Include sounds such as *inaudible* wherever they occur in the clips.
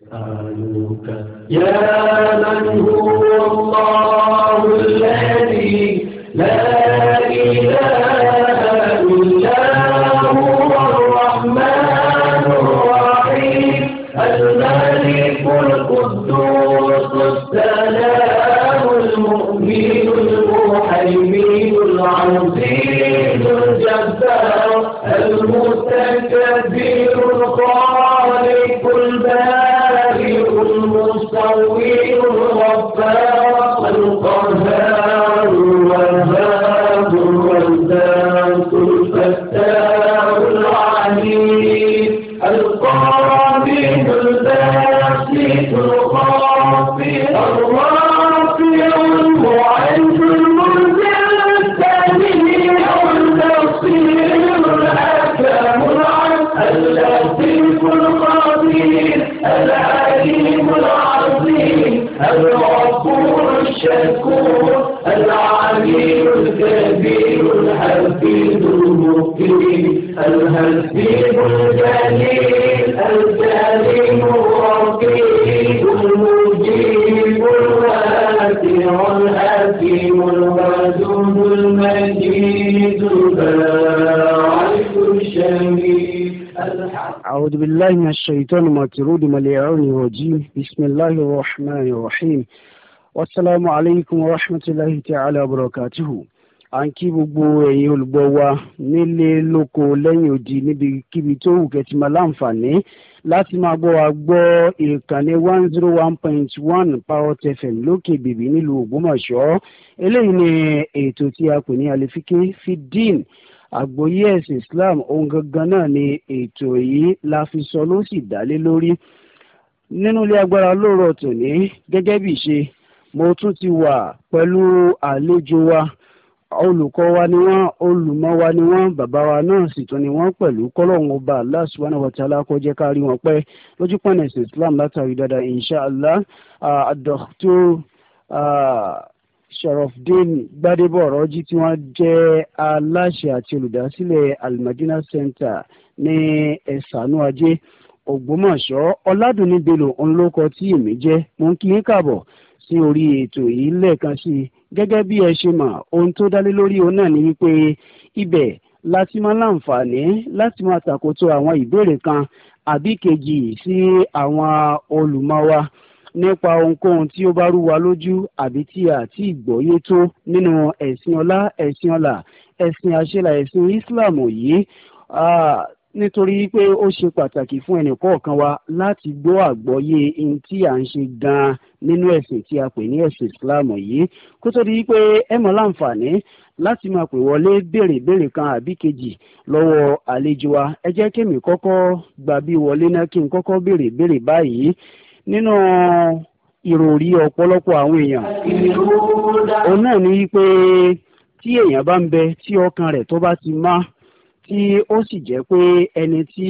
سألوك يا من هو الله الذي لا إله أعوذ بالله من الشيطان المطرود مليعون الرجيم بسم الله الرحمن الرحيم والسلام عليكم ورحمة الله تعالى وبركاته à ń kí gbogbo ẹ̀yin olùgbọ́ wa nílé lóko lẹ́yìn odi níbikíbi tó wù kẹ́tì máa láǹfààní láti máa gbọ́ wa gbọ́ ìkànnì one zero one point one parrot fm lókè bèbí nílùú ògbómọ̀ṣọ́ eléyìí ni ètò tí a pè ní alifike fidin àgbọ́yé ẹ̀sìn Islam ohun gangan náà ni ètò yìí la fi sọ ló sì dálé lórí nínú ilé agbára lóòrọ̀ tòní gẹ́gẹ́ bí ṣe mo tún ti wà pẹ̀lú àlejò wa olùkọ́ wa ni wọ́n olùmọ̀ wa ni wọ́n bàbá wa náà sì tún ni wọ́n pẹ̀lú kọ́lọ́hún ọba Allah subhanahu wa ta'ala kó jẹ́ ká wọn pẹ́ lójú pọ̀nà Islam látàrí dáadáa insha Allah àdọ̀tún sharafdin gbadebo ọ̀rọ̀jì tí wọ́n jẹ́ aláṣẹ àti olùdásílẹ̀ almadina center ní ẹ̀sánú ajé ògbómọ̀ṣọ́ ọ̀làdùnní bello ńlọkọ tí èmi jẹ́ mo ń kí yín kàbọ̀ sí orí ètò yìí lẹ́ẹ̀kan sí i gẹ́gẹ́ bí ẹ ṣe mọ̀ ohun tó dálé lórí òun náà ni wípé ibẹ̀ láti máa láǹfààní láti máa tàkótó àwọn ìbéèrè kan àbí kejì sí àwọn olùmọ̀ wa nípa ohunkóhun tí ó bá rú wa lójú àbí tí a ti gbọ́yé tó nínú ẹ̀sìn ọlá ẹ̀sìn ọlà ẹ̀sìn àṣẹlà ẹ̀sìn Islam yìí nítorí pé ó ṣe pàtàkì fún ẹnì kọ̀ọ̀kan wa láti gbọ́ àgbọ́yé ohun tí à ń ṣe gan-an nínú ẹ̀sìn tí a pè ní ẹ̀sìn Islam yìí kó tó di pé ẹ mọ̀ láǹfààní láti máa pè wọlé béèrè béèrè kan àbí kejì lọ́wọ́ àlejò wa ẹ jẹ́ kémi kọ́kọ́ gbà bí wọlé náà kí n kọ́kọ́ béèrè béèrè báyìí nínú ìròrí ọ̀pọ̀lọpọ̀ àwọn èèyàn òun náà ni pé tí èèyàn bá ń bẹ tí ọkàn rẹ̀ tó bá ti má tí ó sì jẹ́ pé ẹni tí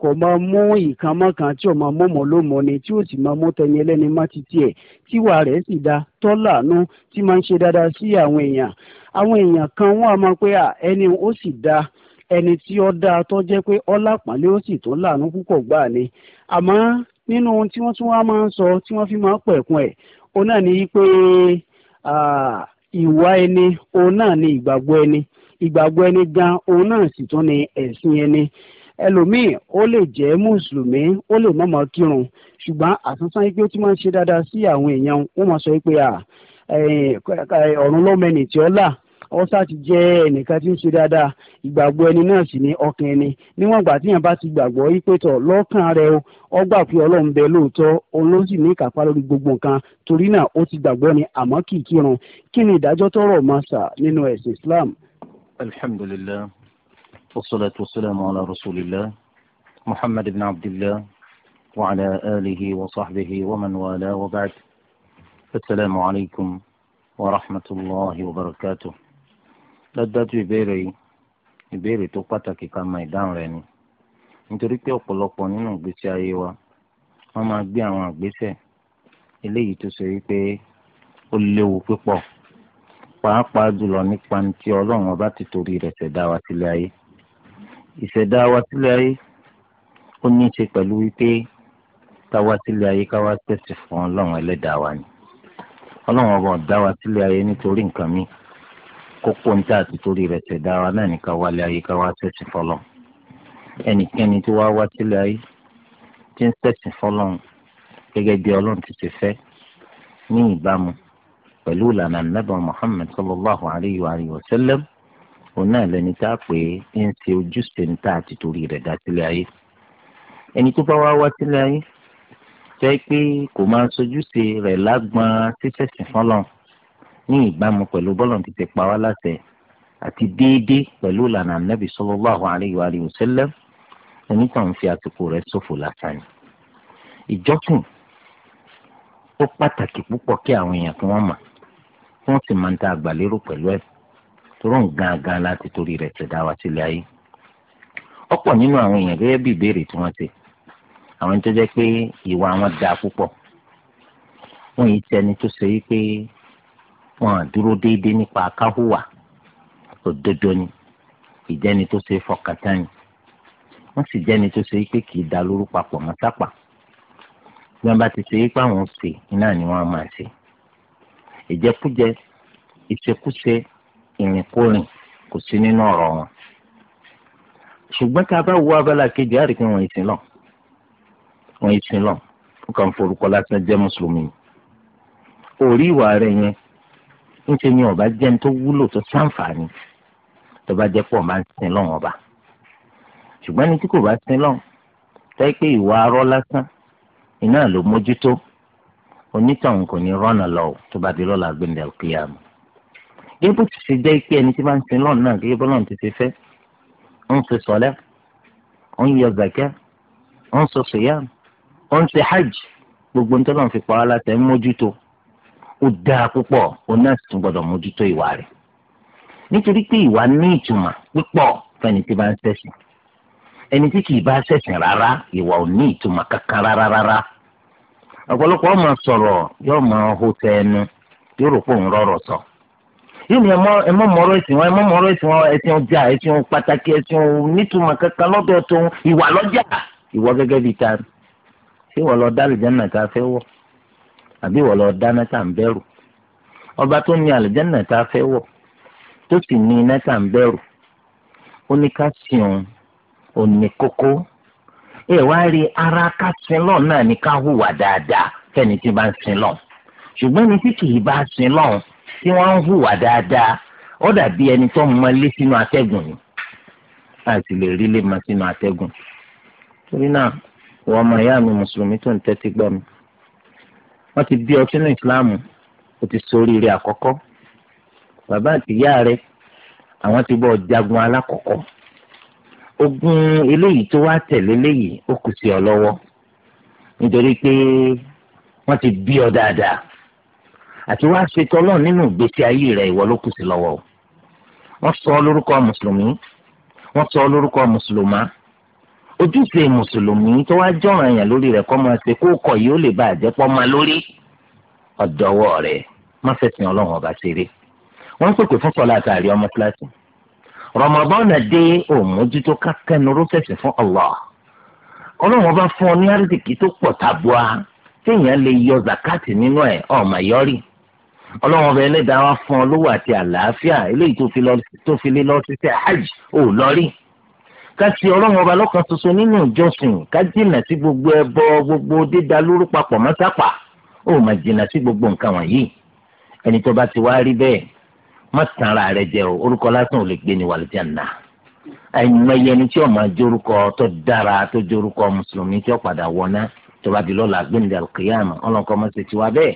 kò máa mú ìkan mọ́kan tí ò máa mọ̀mọ́ ló mọ̀ ni tí ó sì máa mú tẹni ẹlẹ́ni má ẹ̀ tí tíwà rẹ̀ sì da tọ́làánú tí máa ń ṣe dáadáa sí àwọn èèyàn àwọn èèyàn kan wọ́n á máa pé ẹni ó sì da ẹni tí ó dáa tó jẹ́ pé ọlápàlẹ́ ó sì tó lànà púpọ̀ gbáà ni àmọ́ nínú ohun tí wọ́n tún wá máa ń sọ tí wọ́n fi máa ń pẹ̀kun ẹ̀ òun náà ni pé ìwà ẹni òun náà ni ìgbàgbọ́ ẹni ìgbàgbọ́ ẹni gan òun náà sì tún ni ẹ̀sìn ẹni ẹlòmíì ó lè jẹ́ mùsùlùmí ó lè má máa kírun ṣùgbọ́n àtúntàn yìí pé ó ti máa ń ṣe dáadáa sí àwọn èèyàn wọ́n máa sọ pé ọ̀run lọ́mọ ẹni tí ó là ọsà ti jẹ́ ẹnìkan tí ń ṣe dáadáa ìgbàgbọ́ ẹni náà sì ní ọkàn ẹni níwọ̀n ìgbà tíyàn bá ti gbàgbọ́ wípé tọ̀ lọ́kàn rẹ o ó gbà pé bẹ lóòótọ́ òun ní ìkápá lórí gbogbo nǹkan torí náà ó ti gbàgbọ́ ni àmọ́ kì í kírun kí ni ìdájọ́ tọrọ máa sà nínú ẹ̀sìn Islam. alhamdulillah wasalaatu wasalaamu ala rasulillah muhammad ibn abdillah wa ala alihi wa sahbihi wa man wala wa ba'd. السلام عليكم ورحمة الله وبركاته dájúdájú ìbéèrè yìí ìbéèrè tó pàtàkì ká máa ìdáhùn rẹ̀ ni nítorí pé ọ̀pọ̀lọpọ̀ nínú ìgbésí ayé wa wọ́n máa gbé àwọn àgbésẹ̀ eléyìí tó ṣe wípé ó léwu púpọ̀ pàápàá jùlọ nípa tí ọlọ́run ọba ti torí rẹ̀ ṣẹ̀dá wa sílé ayé ìṣẹ̀dá wa sílé ayé ó ní í ṣe pẹ̀lú wípé ká sílé ayé ká tẹ̀sí fún ọlọ́run ẹlẹ́dàá wa ni ọlọ́run ọba ọ̀dá wa sílé ayé nítorí nǹkan mìíràn kókó níta àti torí rẹ̀ tẹ̀dá wa náà ní ká wálé ayé ká wá ṣẹ̀sìn fọlọ́ ẹnikẹ́ni tó wá wá sílẹ̀ ayé tí ń ṣẹ̀sìn fọlọ́ gẹ́gẹ́ bí ọlọ́run ti ṣe fẹ́ ní ìbámu pẹ̀lú ìlànà nàbà Muhammad sallallahu alayhi wa sallam òun náà lẹni tá a pè é ń ṣe ojúṣe níta àti torí rẹ̀ dá sílẹ̀ ayé ẹni tó bá wá wá sílẹ̀ ayé jẹ́ pé kò máa sojúṣe rẹ̀ lágbọ́n ṣíṣẹ̀sìn fọlọ́run ní ìbámu pẹ̀lú bọ́lọ̀n ti ti pa wá láṣẹ àti déédéé pẹ̀lú ìlànà ànábì sallallahu alayhi wa alihi wa sallam onítàn fi àsìkò rẹ̀ ṣòfò lásán ni. ìjọsìn ó pàtàkì púpọ̀ kí àwọn èèyàn kí wọ́n mọ̀ kí wọ́n sì máa ń ta àgbàlérò pẹ̀lú ẹ̀ torọ́ ń gangan láti torí rẹ̀ ṣẹ̀dá wa sílẹ̀ ayé. ọ̀pọ̀ nínú àwọn èèyàn gẹ́gẹ́ bí ìbéèrè tí wọ́n ṣe àwọn tó jẹ́ pé ìwà wọn dáa púpọ̀ wọ́n yìí tẹni tó ṣe wípé wọn dúró déédéé nípa akáhùwà òdodo ni ìjẹni tó ṣe fọkàtà ni wọn sì jẹni tó ṣe pé kì í da lóru papọ̀ mọ́ sápà bí wọn bá ti ṣe pé àwọn ṣe iná ni wọn máa ṣe ìjẹkújẹ ìṣekúṣe ìrìnkúrìn kò sí nínú ọ̀rọ̀ wọn ṣùgbọ́n tá a bá wo abala kejì á rí pé wọ́n ìsìn lọ wọ́n ìsìn lọ nǹkan forúkọ lásán jẹ́ mùsùlùmí orí ìwà rẹ̀ yẹn ńṣe ni ọba jẹ́ ní tó wúlò tó ṣàǹfààní tó bá jẹ́ pọ̀ máa ń sin lọ́wọ́ ọba ṣùgbọ́n ní tí kò bá sin lọ́wọ́ tẹ́ pé ìwà arọ́ lásán iná ló mójútó onítàn kò ní rọ́nà lọ tó bá di lọ́la gbẹ̀ndẹ̀ kíyàmù. gébù ti ṣe jẹ́ pé ẹni tí bá ń sin lọ́ọ̀ náà gẹ́gẹ́ bọ́lọ́ọ̀ ti ṣe fẹ́ ń ṣe sọ́lẹ́ ń yọ zakẹ́ ń ṣe sọ́yà ń ṣe hajj gbogbo ń tọ́lọ́ ó daa púpọ̀ òun náà sì tún gbọdọ̀ mójútó ìwà rẹ̀ nítorí pé ìwà ní ìtumọ̀ púpọ̀ fẹ́ni tí bá ń ṣẹ̀sìn ẹni tí kì í bá ṣẹ̀sìn rárá ìwà ọmọ sọ̀rọ̀ yóò mọ ohó ẹnu yóò rò pé sọ yóò ní ẹ̀sìn wọn ẹ̀sìn wọn ẹ̀sìn ọjà ẹ̀sìn pàtàkì ẹ̀sìn kankan lọ́dọ̀ tó ìwà lọ́jà ìwọ àbí wọ́n lọ dáná tá à ń bẹ̀rù ọba tó ní àlùjánnà tá a fẹ́ wọ̀ tó sì ní iná tá à ń bẹ̀rù ó ní ká sìn ò ní kókó ẹ wá rí ara ká sin lọ́ọ̀ náà ní ká hùwà dáadáa fẹ́ni tí bá ń sin lọ́ọ̀ ṣùgbọ́n ní tí kì bá sin lọ́ọ̀ tí wọ́n ń hùwà dáadáa ó dàbí ẹni tó mọlé sínú atẹ́gùn ni àti lè rí lè mọ sínú atẹ́gùn torí náà wọ́n ọmọ ìyá mi mùsùlùmí tó ń tẹ́tí gbọ́ mi wọ́n ti bí ọtí ní ìsìláàmù o ti ṣoríire àkọ́kọ́ bàbá àti ìyá rẹ àwọn ti bọ̀ jagun alákọ̀ọ́kọ́ ogun eléyìí tó wá tẹ̀lé léyìí ó kù sí ọ lọ́wọ́ nítorí pé wọ́n ti bí ọ dáadáa àti wá ṣètò ọlọ́run nínú ìgbésí ayé rẹ ìwọ ló kù sí lọ́wọ́ wọ́n sọ lórúkọ mùsùlùmí wọ́n sọ lórúkọ mùsùlùmá ojúṣe mùsùlùmí tó wá jọ̀ràn yàn lórí rẹ̀ kọ́ máa ṣe kó kọ̀ yìí ó lè bá àjẹpọ̀ máa lórí ọ̀dọ́wọ́ rẹ̀ má fẹ̀sìn ọlọ́run ọba ṣeré wọ́n pèpè fún sọ́lá àtàrí ọmọ kíláàsì rọmọbọ́nà dé òmójútó kákẹ́nuró fẹ̀sìn fún Allah ọlọ́run ọba fún ọ ní àrídìkì tó pọ̀ tàbúà téèyàn lè yọ zakati nínú ẹ̀ ọ̀mà yọrí ọlọ́run ọba ẹlẹ́dàá wá fún ọ lówó àti àlàáfíà eléyìí tó fi lé lọ sí ṣe hajj ò lọ́rí ká ti ọlọ́run ọba lọ́kàn ṣoṣo nínú ìjọsìn ká jìnnà sí gbogbo ẹbọ gbogbo dídá lóru papọ̀ mọ́sápà ó mà jìnnà sí gbogbo nǹkan wọ̀nyí ẹni tó bá ti wá rí bẹ́ẹ̀ má tàn ara rẹ jẹ o orúkọ lásán ò lè gbé ni wà lójànà àìmọye ẹni tí ó máa jórúkọ tó dára tó jórúkọ mùsùlùmí tí ó padà wọná tó bá di lọ́la gbẹ̀ndẹ̀ alkiyama ọlọ́nkọ́ mọ́ ṣe tiwa bẹ́ẹ̀.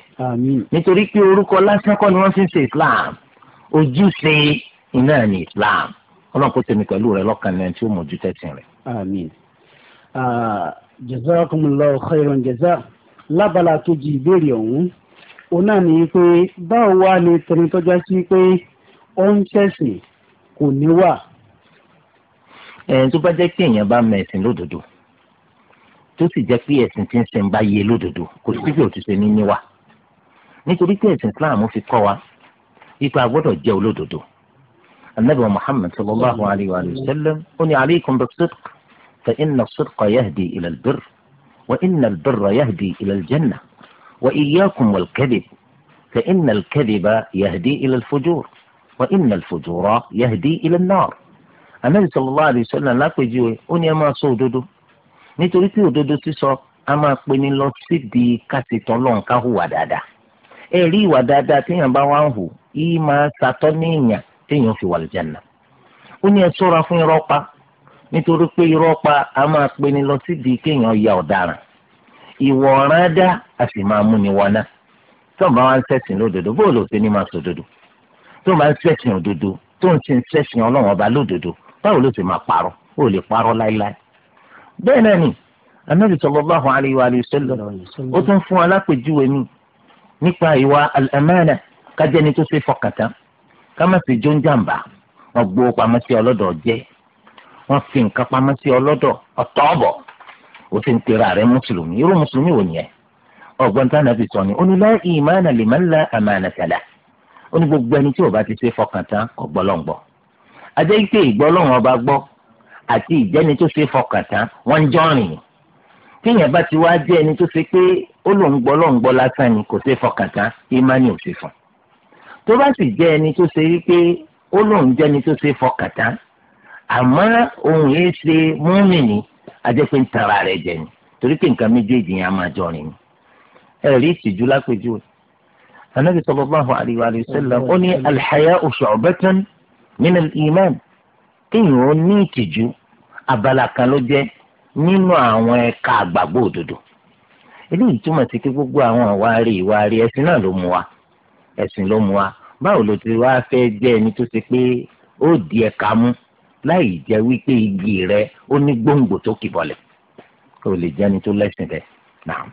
nítorí pé orúkọ lásán kọ́ ni wọ́n fi ń ṣe Islam ojúṣe iná ni Islam ọlọ́run kò tèmi pẹ̀lú rẹ lọ́kàn lẹ́yìn tí ó mójú tẹ́tì rẹ. àmín jazakumullahu khairan jaza lábala kejì ìbéèrè ọ̀hún ó náà pé báwo wá ni tẹni tọ́já sí pé ó ń ṣẹ̀sìn kò ní wà. ẹ̀ẹ́n tó bá jẹ́ pé èèyàn bá mẹ̀sìn lódodo tó sì jẹ́ pé ẹ̀sìn tí ń sìn bá yé lódodo kò sí bí òtúnṣe ní níwà nítorí pé ẹ̀sìn Islam fi kọ́ wa ipa gbọ́dọ̀ jẹ́ olódodo النبي محمد صلى الله عليه وآله وسلم أني عليكم بالصدق فإن الصدق يهدي إلى البر وإن البر يهدي إلى الجنة وإياكم والكذب فإن الكذب يهدي إلى الفجور وإن الفجور يهدي إلى النار النبي صلى الله عليه وسلم لا كجيوي أني ما صوددو نتريكي ودودو تسو أما قبني لو سيدي كاسي تولون كهو ودادا إيه لي ودادا تيان باوانهو إيه ما ساتوني téèyàn fi wà lùjànnà ó ní ẹ ṣọ́ra fún irọ́ pa nítorí pé irọ́ pa a máa pe ni lọ sídìí kéèyàn ya ọ̀daràn ìwọ̀ ọ̀ràn dá a sì máa mú ni wọná tó ń bá wa ń lódodo bó ló ṣe ní máa sòdodo tó ń bá ń òdodo tó ń ṣe ń ṣẹ̀sìn ọba lódodo báwo ló ṣe máa parọ́ ó lè parọ́ láíláí bẹ́ẹ̀ náà ni anabi sallallahu alayhi wa sallam ó tún fún alápèjúwe mi nípa ìwà al kájẹ́ni tó ṣe fọkàntán kámẹ́sì jó ń jàǹbá wọ́n gbowó pamọ́ sí ọlọ́dọ̀ jẹ́ wọ́n fi nǹkan pamọ́ sí ọlọ́dọ̀ ọ̀tọ́ọ̀bọ̀ ó ti ń pera rẹ̀ mùsùlùmí irú mùsùlùmí wò nìyẹn ọ̀gbọ́n tá nàbì sọ ni onílẹ̀ ìmáàna lèmọ́ ńlá àmàna sàlà ó ní gbogbo ẹni tí ò bá ti ṣe fọkàn tán kò gbọ́lọ́ngbọ́ ajẹ́ ike ìgbọ́lọ́run ọba gbọ́ àti ìjẹ́ni tó ṣe fọkàn tán wọ́n ń jọ́rìn ni bá ti wá jẹ́ ẹni tó ṣe pé ó lòún gbọ́lọ́ngbọ́ lásán ni kò ṣe fọkàn tán ìmáàni ò ṣe fún un tó bá sì jẹ́ ẹni tó ṣe wípé ó lóun jẹ́ ẹni tó ṣe fọkàtà àmọ́ òun yìí ṣe múmìnì ajẹ́pẹ́ ń tara rẹ̀ jẹ ni torí pé nǹkan méjèèjì yẹn á máa jọrin ni ẹ̀rí ìtìjú lápèjúwe anabi sallallahu alayhi wa sallam ó ní al-haya'u shu'batun min al-iman kéèyàn ó ní ìtìjú abala kan ló jẹ́ nínú àwọn ẹ̀ka àgbàgbọ́ òdodo eléyìí túmọ̀ sí pé gbogbo àwọn àwárí ìwárí ẹ̀sìn náà ló mú wa ẹ̀sìn ló mú wa báwo ló ti wá fẹ́ jẹ́ ẹni tó ṣe pé ó di ẹ̀ka mú láì jẹ́ wípé igi rẹ ó ní gbòǹgbò tó kì bọ̀lẹ̀ kó lè jẹ́ ẹni tó lẹ́sìn rẹ̀ náà.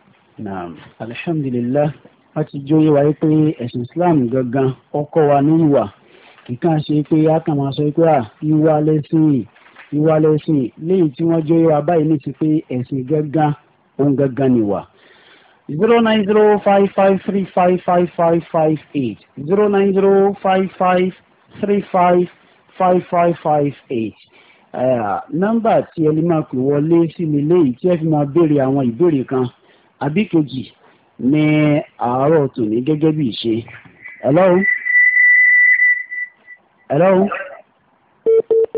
naam alhamdulillah wọ́n ti jóyè wáyé pé ẹ̀sìn islam gangan ó kọ́ wa ní ìwà kíkàn ṣe pé a kàn máa sọ pé à ìwà lẹ́sìn ìwà lẹ́sìn léyìí tí wọ́n jóyè wa báyìí ní ti pé ẹ̀sìn gangan òun gangan nìwà zero nine zero five five three five five five five eight zero nine zero five five three five five five five eight eh, nọ́mbà tí ẹ lè máa pè wọlé sí mi léyìí tí ẹ fi máa béèrè àwọn ìbéèrè kan àbí kejì ní àárọ̀ tòní gẹ́gẹ́ bí ìṣe. hello hello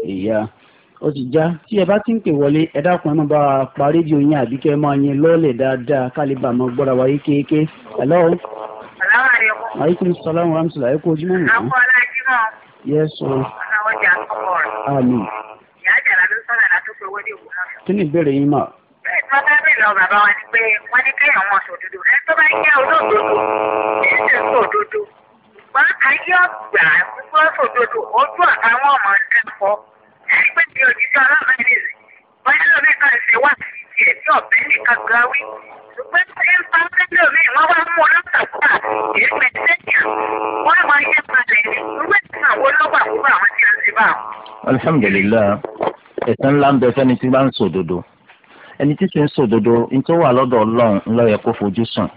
ìyá. Yeah ó ti já tí ẹ bá ti ń pè wọlé ẹ dákun ẹ má bá a pa rédíò yín àbí kẹ́ ẹ máa yín lọ́ọ̀lẹ̀ dáadáa kálíbà máa gbọ́ra wáyé kéèké. hello. salaamaleykum. aleykum salaam wa rahmatulah ẹ kú ojú mọ́ nìkan. àwọn aláàjì náà. yes o. àwọn ọjà àkọ́kọ́ rẹ̀. àmì. ìyá ló sọ̀rọ̀ àtúntò owó ní òkú náà. kí ni ìbéèrè yín mà? bẹ́ẹ̀ tí wọ́n bá bẹ̀rẹ̀ lọ bàbá wa ni pé wọ́n ní kéèyàn wọn sòdodo ẹgbẹ́ mi ò ní sọ alábàárẹ̀ rẹ̀ bóyá lómi kan ṣe wà sí tiẹ̀ tí ọ̀bẹ nìkan gan wí. ṣùgbọ́n ṣé ń pa mẹ́lò mi wọ́n wá mú ọlọ́sàkúrà èèpẹ̀ sẹ́yìn wọ́n máa yẹ balẹ̀ ní ìwé ìtàn wo lọ́wọ́ àkókò àwọn tí a ti bá. alhamdulilayi ẹ̀sán ńlá ń bẹ fẹ́ni tí bá ń sòdodo ẹni tí sì ń sòdodo nítorí wà lọ́dọ̀ ọlọ́run ńlọ́yẹ kó fojú sùn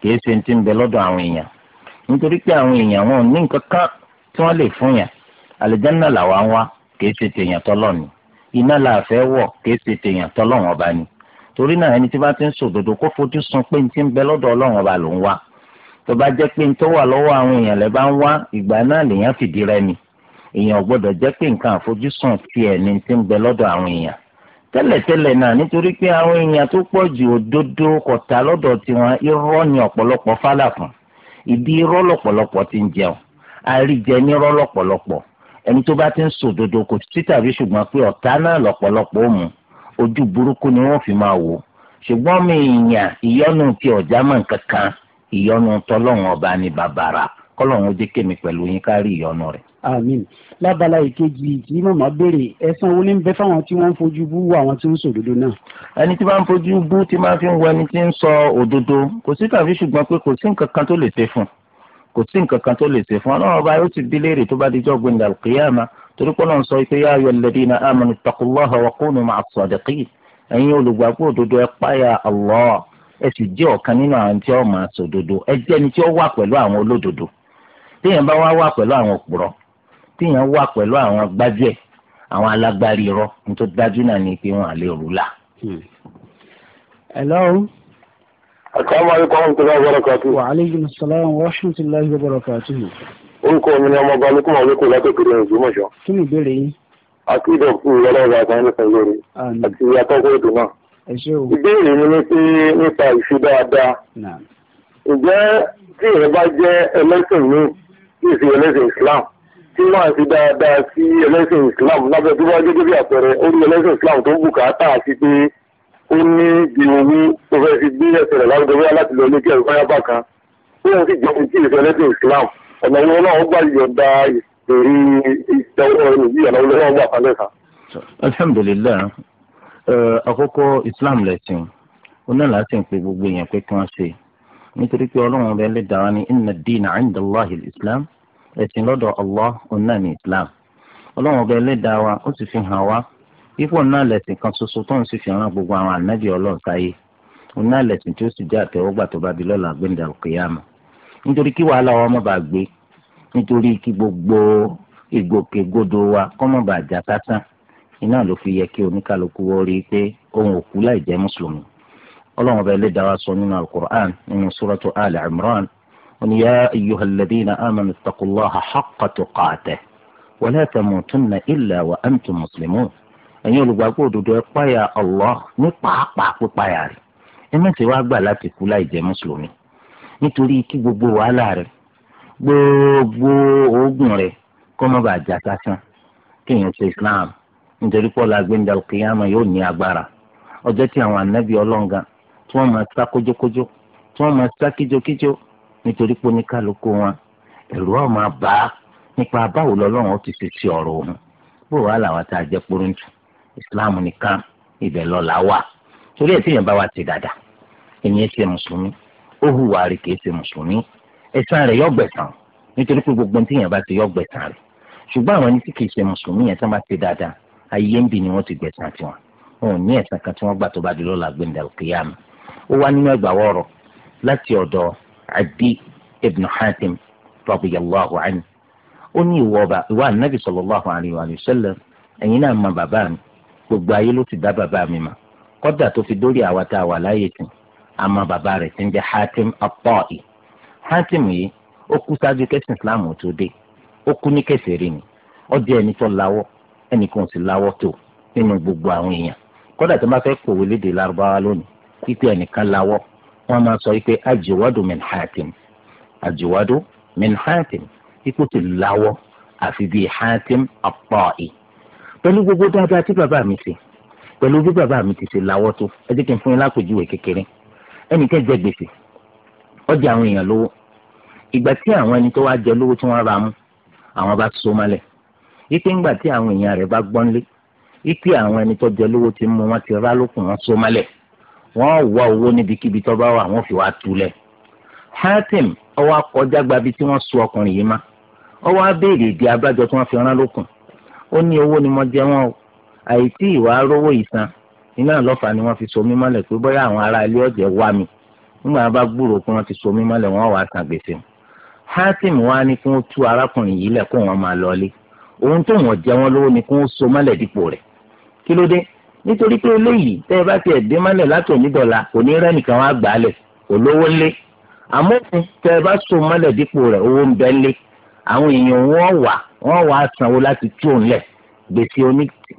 kì í ṣe ti ń bẹ lọ́dọ̀ àwọn èèyàn nítorí pé àwọn èèyàn wọn ò ní nǹkan kan tí wọ́n lè fún yàn àlìjáná làwa ń wá kìí ṣe tèèyàn tọ́lọ̀ ni iná la fẹ́ wọ̀ kìí ṣe tèèyàn tọ́lọ̀ wọn bá ni torí náà ẹni tí bá ti ń sòdodo kó fojú sun pé ní ti ń bẹ lọ́dọ̀ ọlọ́run ọba ló ń wá tó bá jẹ́ pé ní tó wà lọ́wọ́ àwọn èèyàn lẹ́ bá ń wá ìgbà náà lèèyàn fìdí rẹmi èèyàn gbọ́dọ̀ jẹ́ pé nǹkan àfojúsùn tiẹ̀ ní ti ń bẹ lọ́dọ̀ àwọn èèyàn tẹ́lẹ̀tẹ́lẹ̀ náà nítorí pé àwọn èèyàn tó pọ̀ jù òdodo kọ̀tà lọ́dọ̀ tiwọn irọ́ ni ọ̀pọ̀lọpọ̀ fálà ìdí irọ́ lọ̀pọ̀lọpọ̀ ti ń jẹun àríjẹ nírọ́ lọ̀pọ̀lọpọ̀ ẹni tó bá ti ń sòdodo kò sí tàbí ṣùgbọ́n pé ọ̀tá náà lọ́pọ̀lọpọ̀ ó mú ojú burúkú ni wọ́n fi máa wò ṣùgbọ́n mi ìyàn ìyọ́nù ti ọ̀já mọ̀ kankan ìyọ́nù tọ́lọ́run ọba ni bàbàrà kọ́lọ́run ó jẹ́ kémi pẹ̀lú yín kárí ìyọ́nù rẹ̀. àmín lábala ìkejì tí màmá béèrè ẹ̀san wo ni ń bẹ fáwọn tí wọ́n ń fojú bú àwọn tí ń sọ òdodo náà. ẹni tí wọ́n ń fojú bú tí máa fi ń wọ ẹni tí ń sọ òdodo kò sí tàbí ṣùgbọ́n pé kò sí nǹkan kan tó lè ṣe fún un kò sí nǹkan kan tó lè ṣe fún ọlọ́run ọba yóò ti di tó bá di jọ́ gbẹ̀ndà kìyàmá torí pé ọlọ́run sọ pé yá ayọ̀ lẹ́dí iná amúnú takuláhà wà kúnnù máa sọ àdẹ́kì ẹ̀yin olùgbàgbọ́ òdodo ẹ páyà Allah ẹ sì jẹ́ ọ̀kan nínú àwọn tí ó máa sọ òdodo ẹ tí ó pẹ̀lú àwọn olódodo bá wá pẹ̀lú àwọn òpùrọ̀ Assalamu alaikum warahmatullahi wabarakatuh. وعليكم السلام ورحمة الله وبركاته. Orúkọ mi ni ọmọọba Lukuma Olóko látòkèrè Ògbómọ̀ṣọ́. Kí ni ìbéèrè yín? Akídọ̀ fún ìrọ̀lọ́wọ́ àtàwọn ẹ̀sán lórí àti atọ́kọ̀ ètò náà. Ìbéèrè mi ni pé nípa ìṣe dáadáa. Ǹjẹ́ tí ìrẹ́ bá jẹ́ ẹlẹ́sìn mi kí ìsìn ẹlẹ́sìn Islam tí wọ́n á fi dáadáa sí ẹlẹ́sìn Islam lábẹ́ tó bá gẹ́gẹ́ bí àpẹẹrẹ ó ẹlẹ́sìn Islam tó bùkátà àti pé ó ní ìwòwú tó fẹ́ fi gbé ẹsẹ̀ rẹ̀ lárugẹ wíwá láti lọ ilé kí ẹ̀rọ fáyà bá kan ó yẹn sì jẹ́ ohun tí ìfẹ́ lẹ́sìn Islam ọ̀nà ìwọ náà ó gbà yọ̀ǹda ìsèrí ìjọwọ́ ìlú ọ̀nà ìwọ gbà kalẹ̀ kan. alhamdulilayi àkókò Islam lẹ́sìn oná láti ń pe gbogbo èèyàn pé kí wọ́n ṣe nítorí pé ọlọ́run rẹ̀ lè dára inna ad 'inda Allahi islam ẹ̀sìn lọ́dọ̀ Allah oná ní Islam ọlọ́run rẹ̀ lè dá wa ó fi hàn wá ipò náà lẹ̀sìn kan ṣoṣo tó ń sì fi hàn gbogbo àwọn ànábì ọlọ́run sáyé òun náà lẹ̀sìn tí ó sì jẹ́ àtẹ̀wọ́gbà tó bá di lọ́la gbẹ̀ndà òkèèyàmọ̀ nítorí kí wàhálà wa má bàa gbé nítorí kí gbogbo ìgbòkègbodò wa kọ́ má bàa já tátán iná ló fi yẹ kí oníkálukú wọ́n rí i pé òun ò kú láì jẹ́ mùsùlùmí ọlọ́run ọba ilé dáwà sọ nínú alukur'an nínú suratu ali imran wọn yá ayyuhalladhina amanu ittaqullaha haqqa tuqatihi wa la tamutunna illa wa antum muslimun ẹ̀yin olùgbàgbọ́ òdodo ẹ páyà Allah ní pàápàá pípáyà rẹ̀ ẹ má ti wá gbà láti kú láì jẹ́ mùsùlùmí nítorí kí gbogbo wàhálà rẹ̀ gbogbo oògùn rẹ̀ kọ́ mọ́ bàa jà sásán kí èèyàn ṣe Islam nítorí pọ́ la gbé ń dàrú kí yàmà yóò ní agbára ọjọ́ tí àwọn anábì ọlọ́ǹga tí wọ́n máa sá kójókójó tí wọ́n máa sá kíjokíjo nítorí pé oníkálukú wọn ẹ̀rù ọ̀ máa bá nípa báwo lọ́lọ́run ó ti ṣe ti ọ̀rọ̀ òun bó wàhálà wa tá jẹ́ pọ́rọ́ǹtù islam nìkan ibẹ̀ lọ́la wà torí ẹ̀ tí yẹn bá wa ti dada ẹ̀yin ṣe mùsùlùmí ó hùwà rẹ̀ kìí ṣe mùsùlùmí ẹ̀san rẹ̀ yọ gbẹ̀san nítorí pé gbogbo tí yẹn bá ti yọ gbẹ̀san rẹ̀ ṣùgbọ́n àwọn ẹni tí kìí ṣe mùsùlùmí yẹn tán bá ti dada ayé ń bì ni wọ́n ti gbẹ̀san tiwọn wọn ò ní ẹ̀san kan tí wọ́n gbà tó bá di lọ́la gbẹ̀ndà òkèèyàn ó wá nínú ẹgbàá wọ̀rọ̀ láti ọ̀dọ̀ Adi ibn Hatim radiyallahu anhu ó ní ìwọ gbogbo ayé ló ti dá bàbá mi mà kódà tó fi dórí àwa tá a wà láyé tì àmọ́ bàbá rẹ̀ ti ń jẹ́ Hatim At-Ta'i Hatim yìí ó kú sáájú kẹ́sìn Islam tó dé ó kú ní kèfèrí ni ó jẹ́ ẹni tó láwọ́ ẹnìkan ò sì láwọ́ tó nínú gbogbo àwọn èèyàn kódà tó bá fẹ́ kòwé lédè lárúbáwá lónìí pípẹ́ ẹnìkan láwọ́ wọ́n máa sọ pé ajiwadu min Hatim ajiwadu min Hatim ikú ti láwọ́ àfi bíi Hatim at pẹ̀lú gbogbo dáadáa tí bàbá mi ṣe pẹ̀lú bí bàbá mi ti ṣe lawọ́ tó ẹ jẹ́ kí n fún yín lápèjúwe kékeré ẹnìkan jẹ gbèsè ọjà àwọn èèyàn lówó ìgbà tí àwọn ẹni tó wá jẹ lówó tí wọ́n ra mú àwọn bá so mọ́lẹ̀ ipe ńgbà tí àwọn èèyàn rẹ̀ bá gbọ́nlé ipe àwọn ẹni tó jẹ lówó ti mú wọn ti rá lókun wọn so mọ́lẹ̀ wọ́n wá owó níbikíbi tó bá wà wọ́n fi wá túlẹ̀ Hatim ọwọ́ akọjá gbabi tí wọ́n so ọkùnrin yìí má ọwọ́ abéèrè ìdí abájọ tí wọ́n fi rán lókun ó ní owó ni mo jẹ wọn o àìsí ìwà rówó ìsan iná lọ́fà ni wọ́n fi so mí mọ́lẹ̀ pé bóyá àwọn ará ilé ọ̀jẹ̀ wá mi nígbà wọn bá gbúròó pé wọ́n ti so mí mọ́lẹ̀ wọ́n wàá san gbèsè mu Hatim wá ní kí wọ́n tú arákùnrin yìí lẹ̀ kó wọn máa lọlé ohun tó wọ́n jẹ wọn lówó ni kí wọ́n so mọ́lẹ̀ dípò rẹ̀ kí ló dé nítorí pé eléyìí tẹ́ ẹ bá tiẹ̀ dé mọ́lẹ̀ láti onídọ̀la kò ní rẹ́ nìkan wá gbà kò lówó ńlé àwọn èèyàn wọ́n wà wọ́n wà sanwó láti tú òun lẹ̀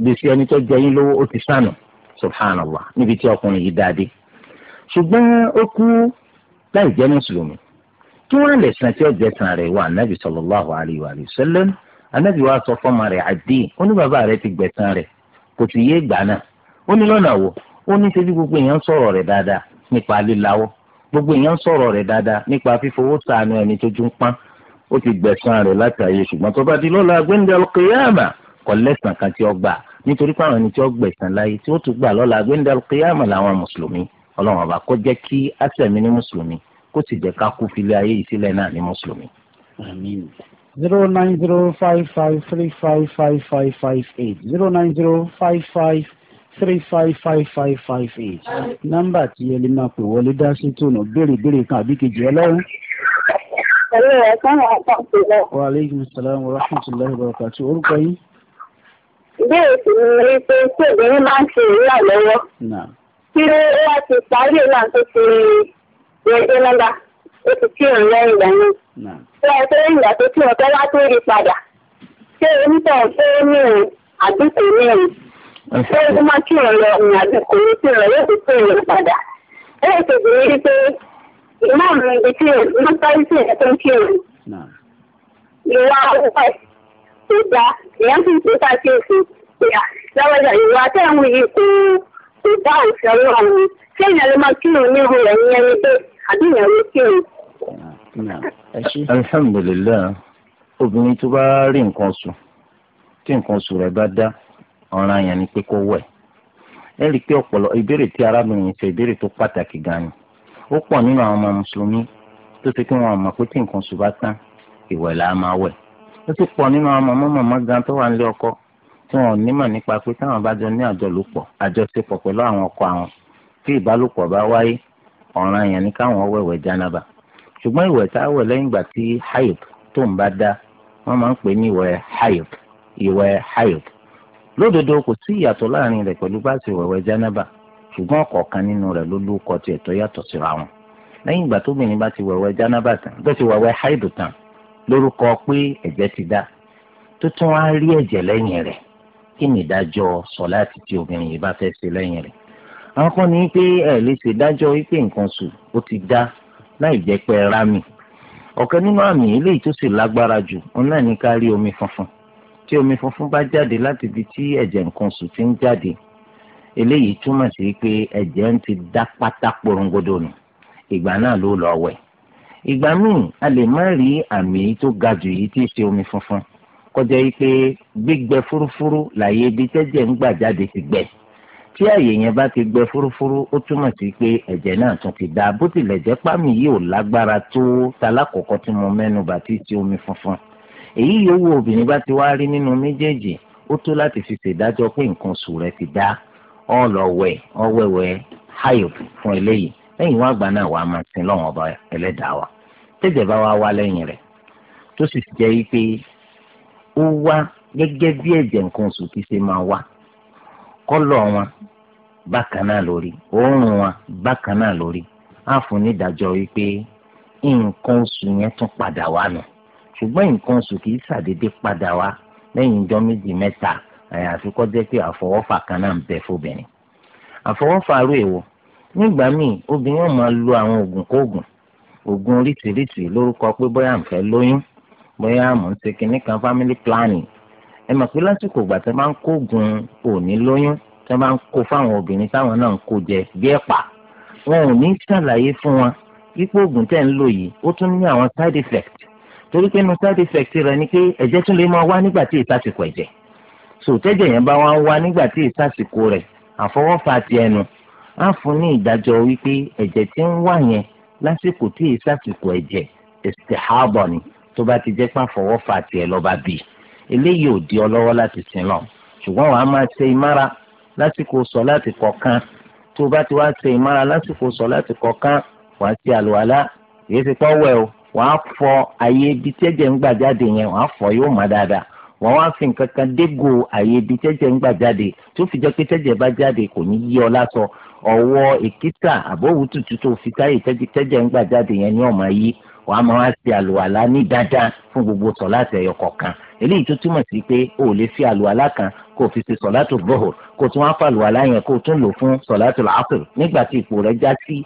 gbèsè ẹni tó jẹ lówó ó ti sànù subhanallah níbi tí ọkùnrin yìí dáadé ṣùgbọ́n ó kú láì jẹ́ mùsùlùmí kí wọ́n lè san tí ó jẹ san rẹ̀ wà ànábì sallallahu alayhi wa sallam ànábì wa sọ fọ́mọ rẹ̀ àdé ó ní bàbá rẹ̀ ti gbẹ̀san rẹ̀ kò sì yé gbà náà ó ní lọ́nà wo ó ní ṣe bí gbogbo èèyàn sọ̀rọ̀ rẹ̀ dáadáa nípa líláwọ́ gbogbo èèyàn sọ̀rọ̀ rẹ̀ dáadáa nípa fífowó ṣàánú ẹni tójú ń pọ́n ó ti gbẹ̀san rẹ̀ látàyè ṣùgbọ́n tó bá di lọ́la gbẹ̀ndẹ̀ alqiyama kò lẹ́sàn kan tí ó gbà nítorí pé àwọn ẹni tí ó gbẹ̀san láyé tí ó tún gbà lọ́la gbẹ̀ndẹ̀ alqiyama làwọn mùsùlùmí ọlọ́run ọba kó jẹ́ kí àṣẹ̀mí ní mùsùlùmí kó sì jẹ́ ká kú filé ayé yìí sílẹ̀ náà ní mùsùlùmí. zero nine zero five five three five five five five eight zero nine zero five five three five five five five eight nọ́mbà tí ẹ lè máa pè wọlé dá sí tòun béèrè béèrè kan àbí kejì ọlọ́run pẹ̀lú rẹ̀ sọ́run ọ̀pọ̀ ìṣẹ̀lẹ̀. wa aleykum salaam wa rahmatulahi wa barakatu orúkọ yín. ìbéèrè sì ni rí pé tí obìnrin máa ń ṣe ìrírà lọ́wọ́ kí ó wá ti parí náà tó ti nọ́mbà ó ti kí òun lẹ́yìn ìgbà ṣé ẹ tó ìgbà tó ọ̀tọ́ wá tó rí padà ṣé onítọ̀ ṣé ó ní òun ní òun ṣé ó máa kí òun lọ Imam ne da ce mafarki a na lima kiwo ne hula ni ya nufe abin ya nufe. Alhamdulillah, obìnrin tó bá rí nǹkan sùn, tí nǹkan sùn rẹ̀ bá dá, ọ̀ràn yẹn ni pé kó wẹ̀. Ẹ rí i pé ọ̀pọ̀lọpọ̀ ó pọ̀ nínú àwọn ọmọ mùsùlùmí tó ti kí wọn mọ̀ pé tí nǹkan oṣù bá tán ìwẹ̀ là á máa wẹ̀ ó ti pọ̀ nínú àwọn ọmọ mọ̀mọ́ gan tó wà nílé ọkọ tí wọn ò nímọ̀ nípa pé táwọn bá jọ ní àjọlòpọ̀ àjọṣepọ̀ pẹ̀lú àwọn ọkọ àwọn tí ìbálòpọ̀ bá wáyé ọ̀ràn yẹn ni káwọn wẹ̀wẹ̀ jánábà ṣùgbọ́n ìwẹ̀ tá a wẹ̀ lẹ́yìn ìgbà tí hayop tó ń bá dá wọ́n máa ń pè ní ìwẹ̀ hayop ìwẹ̀ hayop lódodo kò sí ìyàtọ̀ láàrin rẹ̀ pẹ̀lú bá ti wẹ̀wẹ̀ jánábà ṣùgbọ́n ọ̀kọ̀ọ̀kan nínú rẹ̀ ló lóko tiẹ̀ tó yàtọ̀ síra wọn lẹ́yìn ìgbà tóbìnrin bá ti wẹ̀wẹ̀ jánábà tán tó ti wẹ̀wẹ̀ háìdù tán lórúkọ pé ẹ̀jẹ̀ ti dá tó tún wá rí ẹ̀jẹ̀ lẹ́yìn rẹ̀ kí ni ìdájọ́ sọ̀láàtì tí obìnrin yìí bá fẹ́ ṣe lẹ́yìn rẹ̀ àwọn kan ní pé ẹ lè ṣe ìdájọ́ wípé nǹkan sùn ó ti dá láì jẹ́ pé ẹ rámì ọ̀kan nínú àmì eléyìí tó sì lágbára jù òun náà ní ká rí omi funfun tí omi funfun bá jáde láti ibi tí ẹ̀jẹ̀ nǹkan sùn ti ń jáde eléyìí túmọ̀ sí pé ẹ̀jẹ̀ ń ti dá pátá porongodo nù ìgbà náà ló lọ wẹ̀ ìgbà míì a lè má rí àmì tó ga jù yìí tí í ṣe omi funfun kọjá yìí pé gbígbẹ fúrúfúrú làyè ibi tẹ́jẹ̀ ń gbà jáde ti gbẹ tí àyè yẹn bá ti gbẹ fúrúfúrú ó túmọ̀ sí pé ẹ̀jẹ̀ náà tún ti dá bó tilẹ̀ jẹ́ pámì yìí ò lágbára tó talákọ̀ọ́kọ́ tí mo mẹ́nu bà tí ṣe omi funfun èyí yòówù obìnrin bá ti wá rí nínú méjèèjì ó tó láti fi ṣèdájọ́ pé nǹkan oṣù rẹ̀ ti dá ọlọwẹ ọwẹwẹ hayo fún eléyìí lẹ́yìn wá gbà náà wàá máa sin lọ́wọ́n ọba ẹlẹ́dàá wa tẹ́jẹ̀ bá wá wá lẹ́yìn rẹ̀ tó sì jẹ́ pé ó wá gẹ́gẹ́ bí ẹ̀jẹ̀ nǹkan oṣù tí ṣe máa wá kọ́lọ̀ wọn bákan náà lórí òórùn wọn bákan náà lórí á fún nídàjọ́ wípé nǹkan oṣù yẹn tún padà wá nù ṣùgbọ́n nǹkan oṣù kì í ṣàdédé padà wá lẹ́yìn ọjọ́ méjì mẹ́ta àyàfi kó jẹ́ pé àfọwọ́fà kan náà ń bẹ fóbìnrin àfọwọ́fà rú èwo nígbà míì obìnrin yóò máa lo àwọn oògùn kóògùn oògùn oríṣiríṣi lórúkọ pé bóyá à fẹ́ lóyún bóyá à ń ṣe kinní kan family planning ẹ mọ̀ pé lásìkò ìgbà tó máa ń kóògùn òní lóyún tó máa ń kó fáwọn obìnrin táwọn náà ń kó jẹ bí ẹ̀pà wọn ò ní ṣàlàyé fún wọn ipò oògùn tẹ̀ ń lò yìí ó tún ní àwọn side effect torí pé inú side effect rẹ ni pé ẹ̀jẹ̀ tún lè máa wá nígbà tí ìta ti kọ̀ ẹ̀jẹ̀ sòtẹ́jẹ̀ yẹn bá wá ń wá nígbà tí ìsàsìkò rẹ̀ àfọwọ́fà ti ẹnu á fún ní ìdájọ́ wípé ẹ̀jẹ̀ tí ń wà yẹn lásìkò tí ìsàsìkò ẹ̀jẹ̀ istihaba ni tó bá ti jẹ́ pé àfọwọ́fà ti ẹ̀ lọ́ba bì í eléyìí ò di ọlọ́wọ́ láti sin lọ ṣùgbọ́n wàá máa ṣe ìmára lásìkò sọ láti kọ̀ọ̀kan tó bá ti wá ṣe ìmára lásìkò sọ láti kọ̀ọ̀kan wàá ṣe àlùwàlá èyí ti wẹ̀ o wàá fọ àyè ibi tẹ́jẹ̀ ń gbà jáde yẹn wàá fọ yóò má dáadáa wọ́n wá fi nǹkan kan dégò àyè ibi tẹ́jẹ̀ ń gbà jáde tó fi jẹ́ pé tẹ́jẹ̀ bá jáde kò ní yí ọ lásọ ọwọ́ èkìtà àbọ̀wù tó fi táyè tẹ́jẹ̀ ń gbà jáde yẹn ni ọ̀mọ̀ yí wàá máa wá sí àlùwàlá ní dáadáa fún gbogbo sọ̀láàtì ẹ̀yọ kọ̀ọ̀kan eléyìí tó túmọ̀ sí pé o ò lè fi àlùwàlá kan kó o fi ṣe sọ̀láàtì bọ̀hùr kó o tún wá fàlùwàlá yẹn kó o tún lò fún sọ̀láàtì làásùr nígbà tí ipò rẹ̀ já sí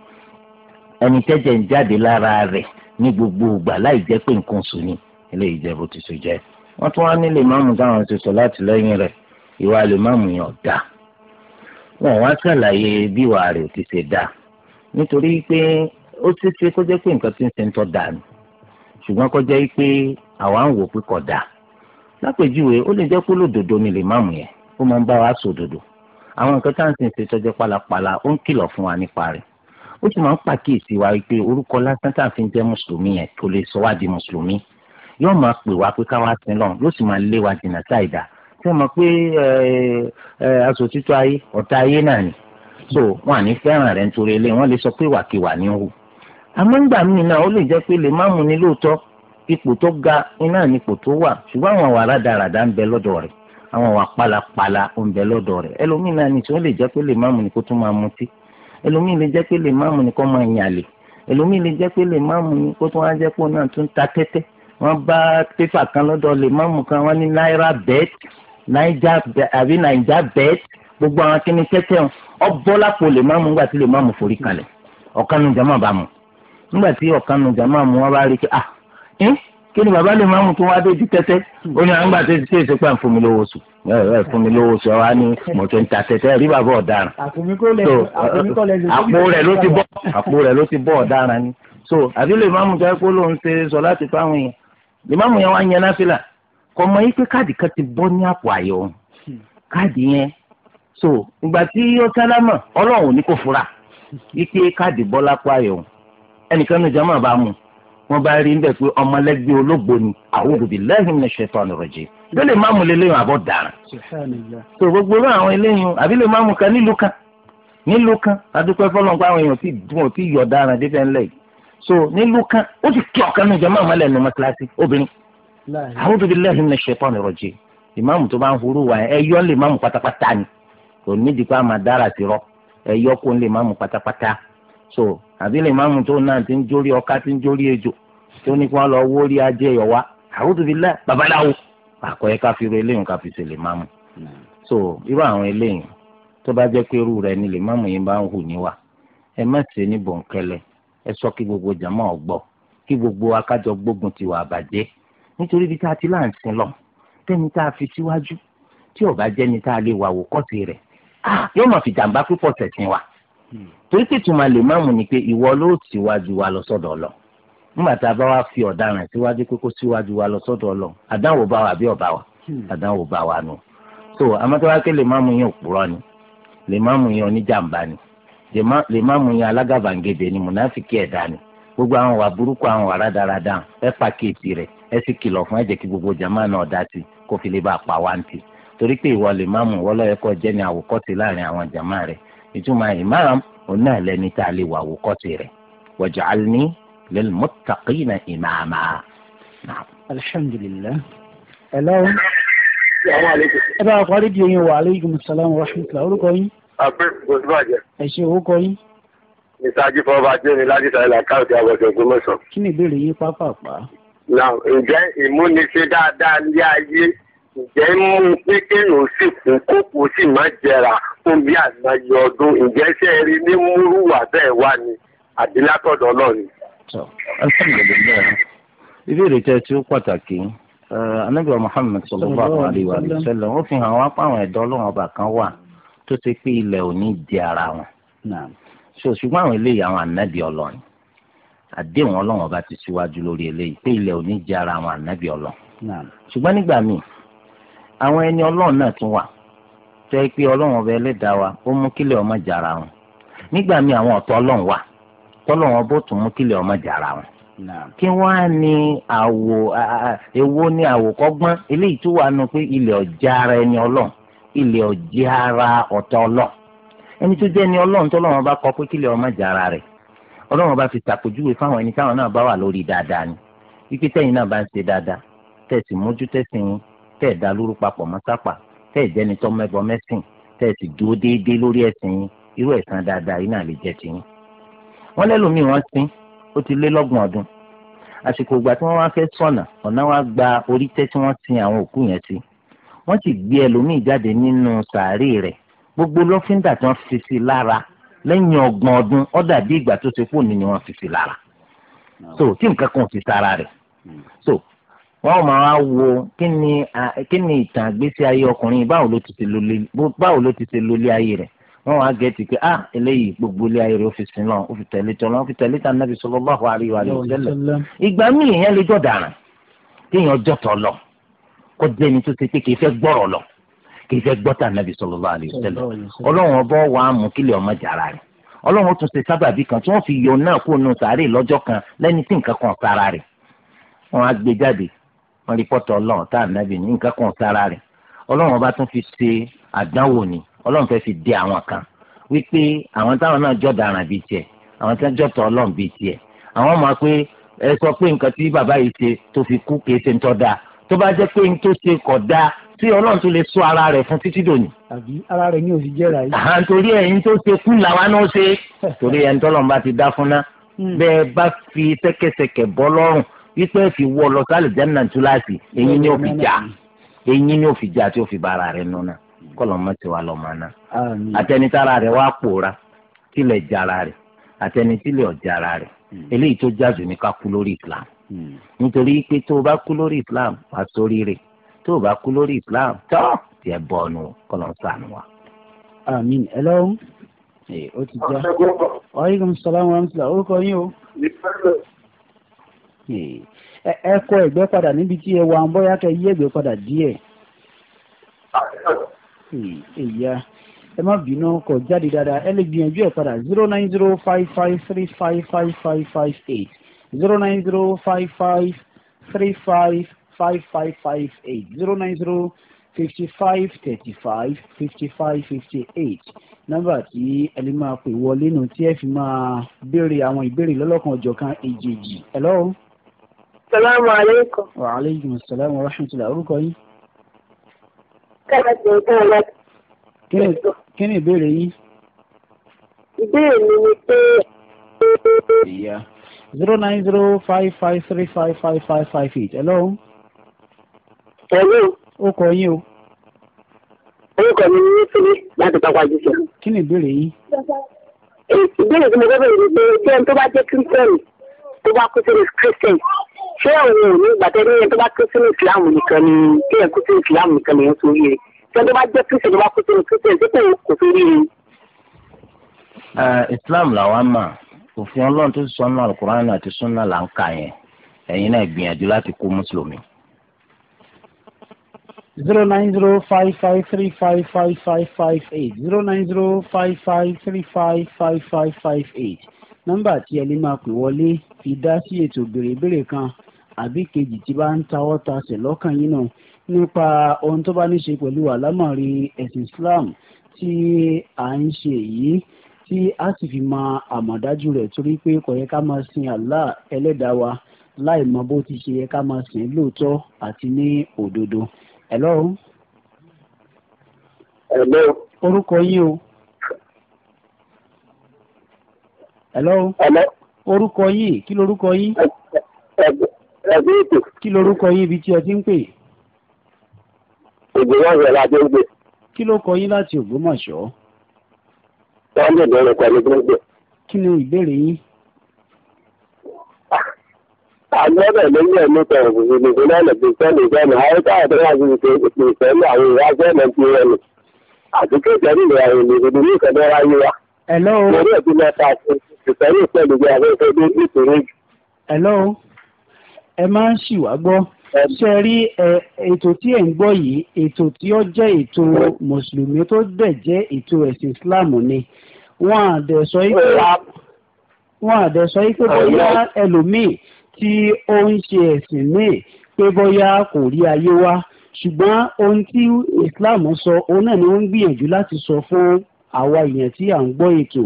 ẹni tẹ́jẹ̀ ń jáde lára rẹ̀ ní gbogbo ìgbà láì jẹ́ pé nǹkan sùn ni eléyìí jẹ́ bó ti ṣe jẹ́ wọ́n tún wá nílé ìmáàmù táwọn ti sọ láti lẹ́yìn rẹ̀ ìwà ìmáàmù yẹn ọ̀dà wọn wá ṣàlàyé bí ìwà rẹ̀ ti ṣe dáa nítorí pé ó ti ṣe kó jẹ́ pé nǹkan ti ń ṣe ń tọ́ da ni ṣùgbọ́n kó jẹ́ pé àwa ń wò pé kò dáa lápèjúwe ó lè jẹ́ pé lòdòdó ni lè máàmù yẹn ó máa ń bá wa sòdòdó àwọn nǹkan tá à ń sìn ṣe tọ́jọ́ pálapàla ó ń kìlọ̀ fún wa nípa rẹ̀ ó sì máa ń pàkíyèsí wa wípé orúkọ lásán tá à fi ń jẹ́ mùsùlùmí yẹn kò lè sọ wá di mùsùlùmí yóò máa pè wá pé káwá sí lọ yóò sì máa lé wa jìnnà sáì tí wọ́n mọ̀ pé asòtítọ́ ayé ọ̀tá ayé náà ni so wọn à ní fẹ́ràn rẹ̀ nítorí eléyìí wọ́n lè sọ pé wàkiwà ní hù àmọ́ ńgbà míì náà ó lè jẹ́ pé lè má mú ni lóòótọ́ ipò tó ga iná ní ipò tó wà ṣùgbọ́n àwọn àwa rádaràdà ń bẹ lọ́dọ̀ rẹ̀ àwọn àwa pálapàla ń bẹ lọ́dọ̀ rẹ̀ ẹlòmíì náà ní tí lè jẹ́ pé lè má mú ni kó tún máa mutí ẹlòmíì lè jẹ́ pé lè má mú ni kó máa yàlè ẹlòmíì lè jẹ́ pé lè má mú ni kó tún á jẹ́ pé òun náà tún ta tẹ́tẹ́ wọ́n bá pépà kan lọ́dọ̀ lè mọ́mù kan wọ́n ní náírà bẹ́ẹ̀t náírà àbí náírà bẹ́ẹ̀t gbogbo àwọn kíní tẹ́tẹ́ wọn ọbọ̀ lápò lè mọ́mù nígbà tí lè mọ́mù forí kalẹ̀ ọ̀kanu jama bá mu nígbà tí ọ̀kanu jama mu wọ́n bá rí kí ah ẹ́ kí ni bàbá lè mọ́mù tó wá dé di tẹ́tẹ́ ó ní àgbà tẹ́tẹ́ tẹ́tẹ́ ṣe pé à ń fún mi lówó sùn ẹ fún mi lówó sọ wa ni mo ti ń ta tẹ́tẹ́ rí bàbá ọ̀daràn àpò rẹ̀ ló ti bọ́ àpò rẹ̀ ló ti bọ́ ọ̀daràn ni so àbí lè mọ́mù jẹ́ pé ṣe sọ láti fáwọn èèyàn limamu yẹn wá ń yẹn náfìlà kò mọ yìí pé káàdì kan ti bọ́ ní àpò àyè òun hmm. káàdì yẹn so ìgbà tí ó sálámà ọlọ́run ò ní kó fura ike káàdì bọ́ lápò àyè ẹnìkan ní jama bá mu wọn bá rí níbẹ̀ pé ọmọlẹ́gbẹ́ olóògbé ni a'udhu billahi minash shaitani rajim ló lè máàmù lélẹ́yìn àbọ̀ dàrán so gbogbo irú àwọn eléyìn àbí lè máàmù kan nílùú kan nílùú kan adúpẹ́ fọlọ́npá àwọn èèyàn tí wọn ò tí yọ̀ dàrán ńlẹ̀ yìí so nílùú kan ó sì kí ọ̀kan náà jẹ́mọ́ àmọ́ lẹ́nu mọ́tíláṣí obìnrin a'udhu billahi minash shaitani rajim ìmáàmù tó bá ń forú wa ẹ yọ lè máàmù pátápátá ni kò nídìí pé a máa dára sí rọ ẹ yọ lè máàmù pátápátá so àbí lè máàmù tó náà ti ń jórí ọká ti ń jórí ejò tó ní kí wọ́n lọ wórí ajé ẹ̀yọ̀ wa a'udhu billahi babaláwo àkọyẹ ká fi ru eléyìí ká fi ṣe lè máàmù so irú àwọn eléyìí tó bá jẹ́ pé irú rẹ̀ ni lè máàmù yìí bá ń hù níwà ẹ má ṣe ní bòńkẹ́lẹ́ ẹ sọ kí gbogbo jàmá ọgbọ kí gbogbo akájọ gbógun tiwa àbàjẹ́ nítorí ibi tá a ti là ń lọ tẹni tá a fi síwájú tí ọba jẹni tá a lè wà wò kọ́sì rẹ̀ yóò mọ̀ fi jàǹbá púpọ̀ sẹ̀sìn wa hmm. torí pé tuma lè má ni pé ìwọ ló síwájú wa lọ sọ́dọ̀ lọ nígbà tá a bá wa fi ọ̀daràn síwájú pé kó síwájú wa lọ sọ́dọ̀ lọ àdánwò bá wa bí ọba wa hmm. àdánwò bá wa nù so amátọ́wákẹ́ lè má mú yín òpùrọ́ ni lè má yín oníjàǹbá ni lèmáàmù yẹn alágàbàǹgẹ̀dẹ̀ ni mùnáfíkì ẹ̀dá ni gbogbo àwọn wà burúkú àwọn wà rádaràdà ẹ pàkíyèsí rẹ ẹ sì kìlọ̀ fún ẹ kí gbogbo jama náà dá sí kó fi lè bá a pa wá ntì torí pé ìwọ lèmáàmù wọlọ́yẹ kọ́ jẹ́ ni àwòkọ́sí láàrin àwọn jama rẹ ìtumọ̀ ìmáàrán òun náà tá a lè wà àwòkọ́sí rẹ waj'alni lilmuttaqina imama. alhamdulilayi ẹ lọ́wọ́ ẹ bá a kọ́ rédíò yín wa aleykum salaam wa rahmatulah orúkọ yín abdul gosibajẹ. ẹ ṣe owó kọ yín. ìtajú fọba jẹni láti sàlẹ̀ àkáǹtì àbọ̀tẹ̀ ògbómọ̀ṣọ́. kí ni ìbéèrè yín pápápá. na ǹjẹ́ ìmúniṣe dáadáa ní ayé ǹjẹ́ ń mú pé kéèyàn sì kú kókò sì má jẹrà fún bí àgbáyé ọdún ǹjẹ́ ṣe é rí ní múrùwà bẹ́ẹ̀ wá ni àdínlátọ̀dọ̀ náà ni. ìbéèrè tẹ tí ó pàtàkì eh, anabi muhammed sallallahu alaihi wa sallam ó fi hàn wá pàwọn ẹ̀dọ́ ọlọ́run ọba kan wà tó ṣe pé ilẹ̀ ò ní di ara wọn. so ṣùgbọ́n àwọn eléyìí àwọn ànábì ọlọ́run àdéhùn ọlọ́run ọba ti síwájú lórí eléyìí pé ilẹ̀ ò ní di ara àwọn ànábì ọlọ́run. ṣùgbọ́n nígbà míì àwọn ẹni ọlọ́run náà tún wà tó yẹ pé ọlọ́run ọba ẹlẹ́dàá wa ó mú kílẹ̀ ọmọ jàrà wọn nígbà míì àwọn ọ̀tọ̀ ọlọ́run wà tọ́lọ́run ọbọ̀ tún mú kílẹ̀ ọmọ jàrà wọn kí wọ́n á ní àwò èwo ní àwòkọ́gbọ́n eléyìí tó wà nù pé ilẹ̀ ọ̀jà ara ẹni ọlọ́run Ile ọ̀jẹ̀ ara ọ̀tá ọlọ́ ẹni tó jẹ́ ni ọlọrun tó lọ́wọ́ bá kọ pé kílẹ̀ ọmọ jàrá rẹ. Ọlọrun bá fi tàpéjúwe fáwọn ẹni táwọn náà bá wà lórí dáadáa ni wípé tẹ́yìn náà bá ń ṣe dáadáa tẹ̀sí mójú tẹ̀sìn yín tẹ̀ dá lóru papọ̀ mọ́ sápà tẹ̀ jẹ́ni tó mẹ́bọ mẹ́sìn sì dúró déédéé lórí ẹ̀sìn yín irú ẹ̀san dáadáa yìí náà lè jẹ́ tiyín. wọ́n lẹ́lòmíì wọn sin ó ti lé lọ́gbọ̀n ọdún àsìkò ìgbà wọ́n sì gbé ẹlòmíì jáde nínú sàárè rẹ̀ gbogbo lọ́fíńdà tí wọ́n fi sí lára lẹ́yìn ọgbọ̀n ọdún ó dàbí ìgbà tó ṣe fóònù ni wọ́n fi sí lára so tí nǹkan kan ò ti sára rẹ̀ so wọ́n máa wá wo kí ni ni ìtàn àgbésí ayé ọkùnrin báwo ló ti ṣe lólé báwo ayé rẹ̀ wọ́n wá gẹ̀ẹ́tì pé ah eléyìí gbogbo ilé ayé rẹ̀ ó fi sin náà ó fi tẹ̀lé tọ́lá ó fi tẹ̀lé tà nàbì sallallahu alaihi wa sallam ìgbà míì ìyẹn lè jọ dàrán kéèyàn jọ tọ̀ lọ kó jẹ́ ẹni tó ṣe pé kì í fẹ́ gbọ́rọ̀ lọ kì í fẹ́ gbọ́tà nàbì sallallahu alaihi wasallam ọlọ́run ọbọ̀ wà á mú kílẹ̀ ọmọ jàrá rẹ̀ ọlọ́run tún ṣe sábàbí kan tí wọ́n fi yọ náà kó nù sàárè lọ́jọ́ kan lẹ́ni tí nǹkan kan sára rẹ̀ wọ́n á gbé jáde wọ́n rí pọ́tọ̀ ọlọ́run tá ànábì ní nǹkan kan sára rẹ̀ ọlọ́run ọba tún fi ṣe àdánwò ni ọlọ́run fẹ́ fi dé àwọn kan wípé àwọn táwọn náà jọ dàrán bíi tiẹ̀ àwọn tí wọ́n jọ tọ̀ ọlọ́run bíi tiẹ̀ àwọn máa pé ẹ sọ pé nǹkan tí bàbá yìí ṣe tó fi kú kìí ń tọ́ dáa tó bá jẹ́ pé n tó ṣe kọ̀ dáa tí ọlọ́run tó lè sọ ara rẹ̀ fún títí dòní. àbí ara rẹ̀ ni òsì jẹ́ra yìí. àhàn torí ẹ̀yin tó ṣe kú làwa náà ṣe *laughs* torí ẹni tọ́lọ́run bá ti dá fún ná hmm. bẹ́ẹ̀ bá fi tẹ́kẹsẹ̀kẹ̀ bọ́ lọ́rùn wípé fi wọ lọ sálẹ̀ jẹ́nà túláàsì ẹ̀yin ni ó fi jà ẹ̀yin ni ó fi jà tí ó fi ba ara rẹ̀ nuna kọ́lọ̀ mọ́ ti wà lọ́ mọ́ ná. àtẹnitára rẹ̀ wá pòórá tilẹ̀ jara rẹ̀ àtẹnitílẹ̀ ọ̀jara rẹ̀ hmm. eléyìí tó jáde ní ká kú lórí ìsìlámù nítorí pé tó o bá kú lórí islam wàá sórí rẹ̀ tó o bá kú lórí islam tọ́ tiẹ̀ bọ̀ ọ̀nù kọ́lọ̀ ń sànù wa. àmín ẹ lọ́wọ́ ó ti já aleykum salaam wa rahmatulah orúkọ yín o. ẹ kọ ẹgbẹ́ padà níbi tí ẹ wà ń bọ́yá kẹ yí ẹgbẹ́ padà díẹ̀. ìyá ẹ má bínú kọ jáde dáadáa ẹ lè gbìyànjú ẹ padà zero nine zero five five three five five five five eight zero nine zero five five three five five five five eight zero nine zero fifty five thirty five fifty five fifty eight nọ́mbà tí ẹ lè máa pè wọlé nù tí ẹ fi máa béèrè àwọn ìbéèrè lọ́lọ́kan ọ̀jọ̀kan èjèèjì hello. salaamu aleykum. wa aleykum salaam wa rahmatulah orúkọ yín. káàkiri kan lọ. kí ni ìbéèrè yín. ìbéèrè mi ni pé. ìyá zero nine zero five five three five five five five eight hello. hello. ó kọ yín o. orúkọ mi ni fúnmi láti pápá jíjẹ. kí ni ìbéèrè yín. ìbéèrè tí mo fẹ́ bẹ̀rẹ̀ ni pé kí ẹni tó bá jẹ́ kírísítẹ́nì tó bá kú sínú kírísítẹ́nì ṣé òun ò ní ìgbà tẹ́lẹ̀ ẹni tó bá kú sínú ìsìlámù nìkan ni kí ẹ kú sínú ìsìlámù nìkan lèyàn tó yẹ kí ẹni tó bá jẹ́ kírísítẹ́nì tó bá kú sínú kírísítẹ́nì tó kò kò sí rí i. Islam làwọn máa òfin ọlọ́run tó sọ náà alukur'an àti sunna là ń kà yẹn ẹ̀yin náà gbìyànjú láti kó mùsùlùmí. zero nine zero five five three five five five five eight zero nine zero five five three five five five five eight nọ́mbà tí ẹni máa pè wọlé fi dá sí ètò bèrèbèrè kan àbí kejì tí bá ń tawọ́ tasẹ̀ lọ́kàn yín náà nípa ohun tó bá ní ṣe pẹ̀lú àlámọ̀rí ẹ̀sìn Islam tí à ń ṣe yìí tí a sì fi mọ àmọ̀dájú rẹ̀ torí pé kò yẹ ká máa sin Allah ẹlẹ́dàá wa láì mọ bó ti ṣe yẹ ká máa sìn lóòótọ́ àti ní òdodo. Hello. Hello. orúkọ yín o. Hello. Hello. orúkọ yín kí lorúkọ yín. ẹ̀bí ètò. kí lorúkọ yín ibi tí ẹ ti ń pè. Ògbómọ̀ṣọ́ la ti ń pè. kí ló kọ yín láti Ògbómọ̀ṣọ́ wọ́n lè bẹ̀rẹ̀ pẹ̀lú gbogbo. kí ni ìbéèrè yín. àgbẹ̀rẹ̀ lórí ẹ̀ nípa ìbùsùn ìbùsùn náà lè fi sẹ́nu sẹ́nu àyíká àdúrà ti fi fi sẹ́nu àwọn ìwà sẹ́nu ti rẹ̀ nù àti kékeré ìlera ìbùsùn ní ìkẹ́dọ̀ ráyé wa. ẹ̀lọ́ o. lórí ẹ̀sìn mẹ́ta àti ìsẹ́yìn ìpẹ́lú bí afẹ́fẹ́ dé nítorí. ẹ̀lọ́ o ẹ máa ń ṣì wá gbọ́ ṣe rí ètò tí ẹ̀ ń gbọ́ yìí ètò tí ó jẹ́ ètò mùsùlùmí tó dẹ̀ jẹ́ ètò ẹ̀sìn Islam ni wọn àdẹ̀sọ ipò wọn àdẹ̀sọ ipò bóyá ẹlòmíì tí ó ń ṣe ẹ̀sìn míì pé bóyá kò rí ayé wá ṣùgbọ́n ohun tí Islam sọ òun náà ni wọ́n ń gbìyànjú láti sọ fún àwa èèyàn tí à ń gbọ́ ètò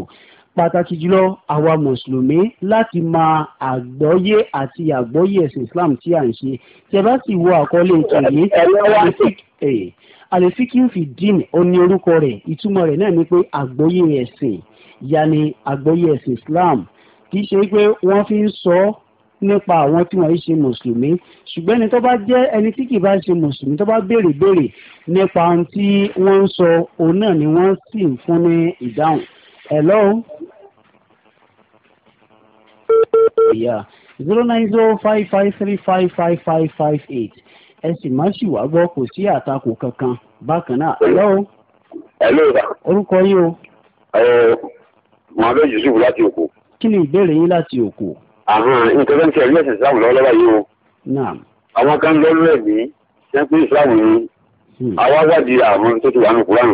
pàtàkì jùlọ àwa mùsùlùmí láti máa àgbọ́yé àti àgbọ́yé ẹ̀sìn Islam tí à ń ṣe tí ẹ sì wo àkọlé ètò yìí àlèfíkìú fi dín òní orúkọ rẹ̀ ìtumọ̀ rẹ̀ náà ni pé àgbọ́yé ẹ̀sìn yàní àgbọ́yé ẹ̀sìn Islam kì í ṣe pé wọ́n fi ń sọ nípa àwọn tí wọ́n ṣe mùsùlùmí ṣùgbọ́n ẹni tó bá jẹ́ ẹni tí kì í bá ṣe mùsùlùmí tó bá béèrè béèrè nípa ohun tí wọ́n ń sọ òun náà ni wọ́n sì ń fún ní ìdáhùn. hello. ìyá zero nine zero five five three five five five five eight ẹ sì má ṣì gbọ́ kò sí àtakò kankan bákan náà hello. o orúkọ yìí o. ẹ mohammed yusuf láti òkú. kí ni ìbéèrè yín láti òkú. àwọn nǹkan tó ń ṣe ẹ̀rí ẹ̀sìn islam lọ́wọ́lọ́wọ́ yìí o. naam. àwọn kan lọ́rù ẹ̀ ní sẹ́ńpé islam ni hmm. àwa wádìí àwọn tó ti wà ní kuran.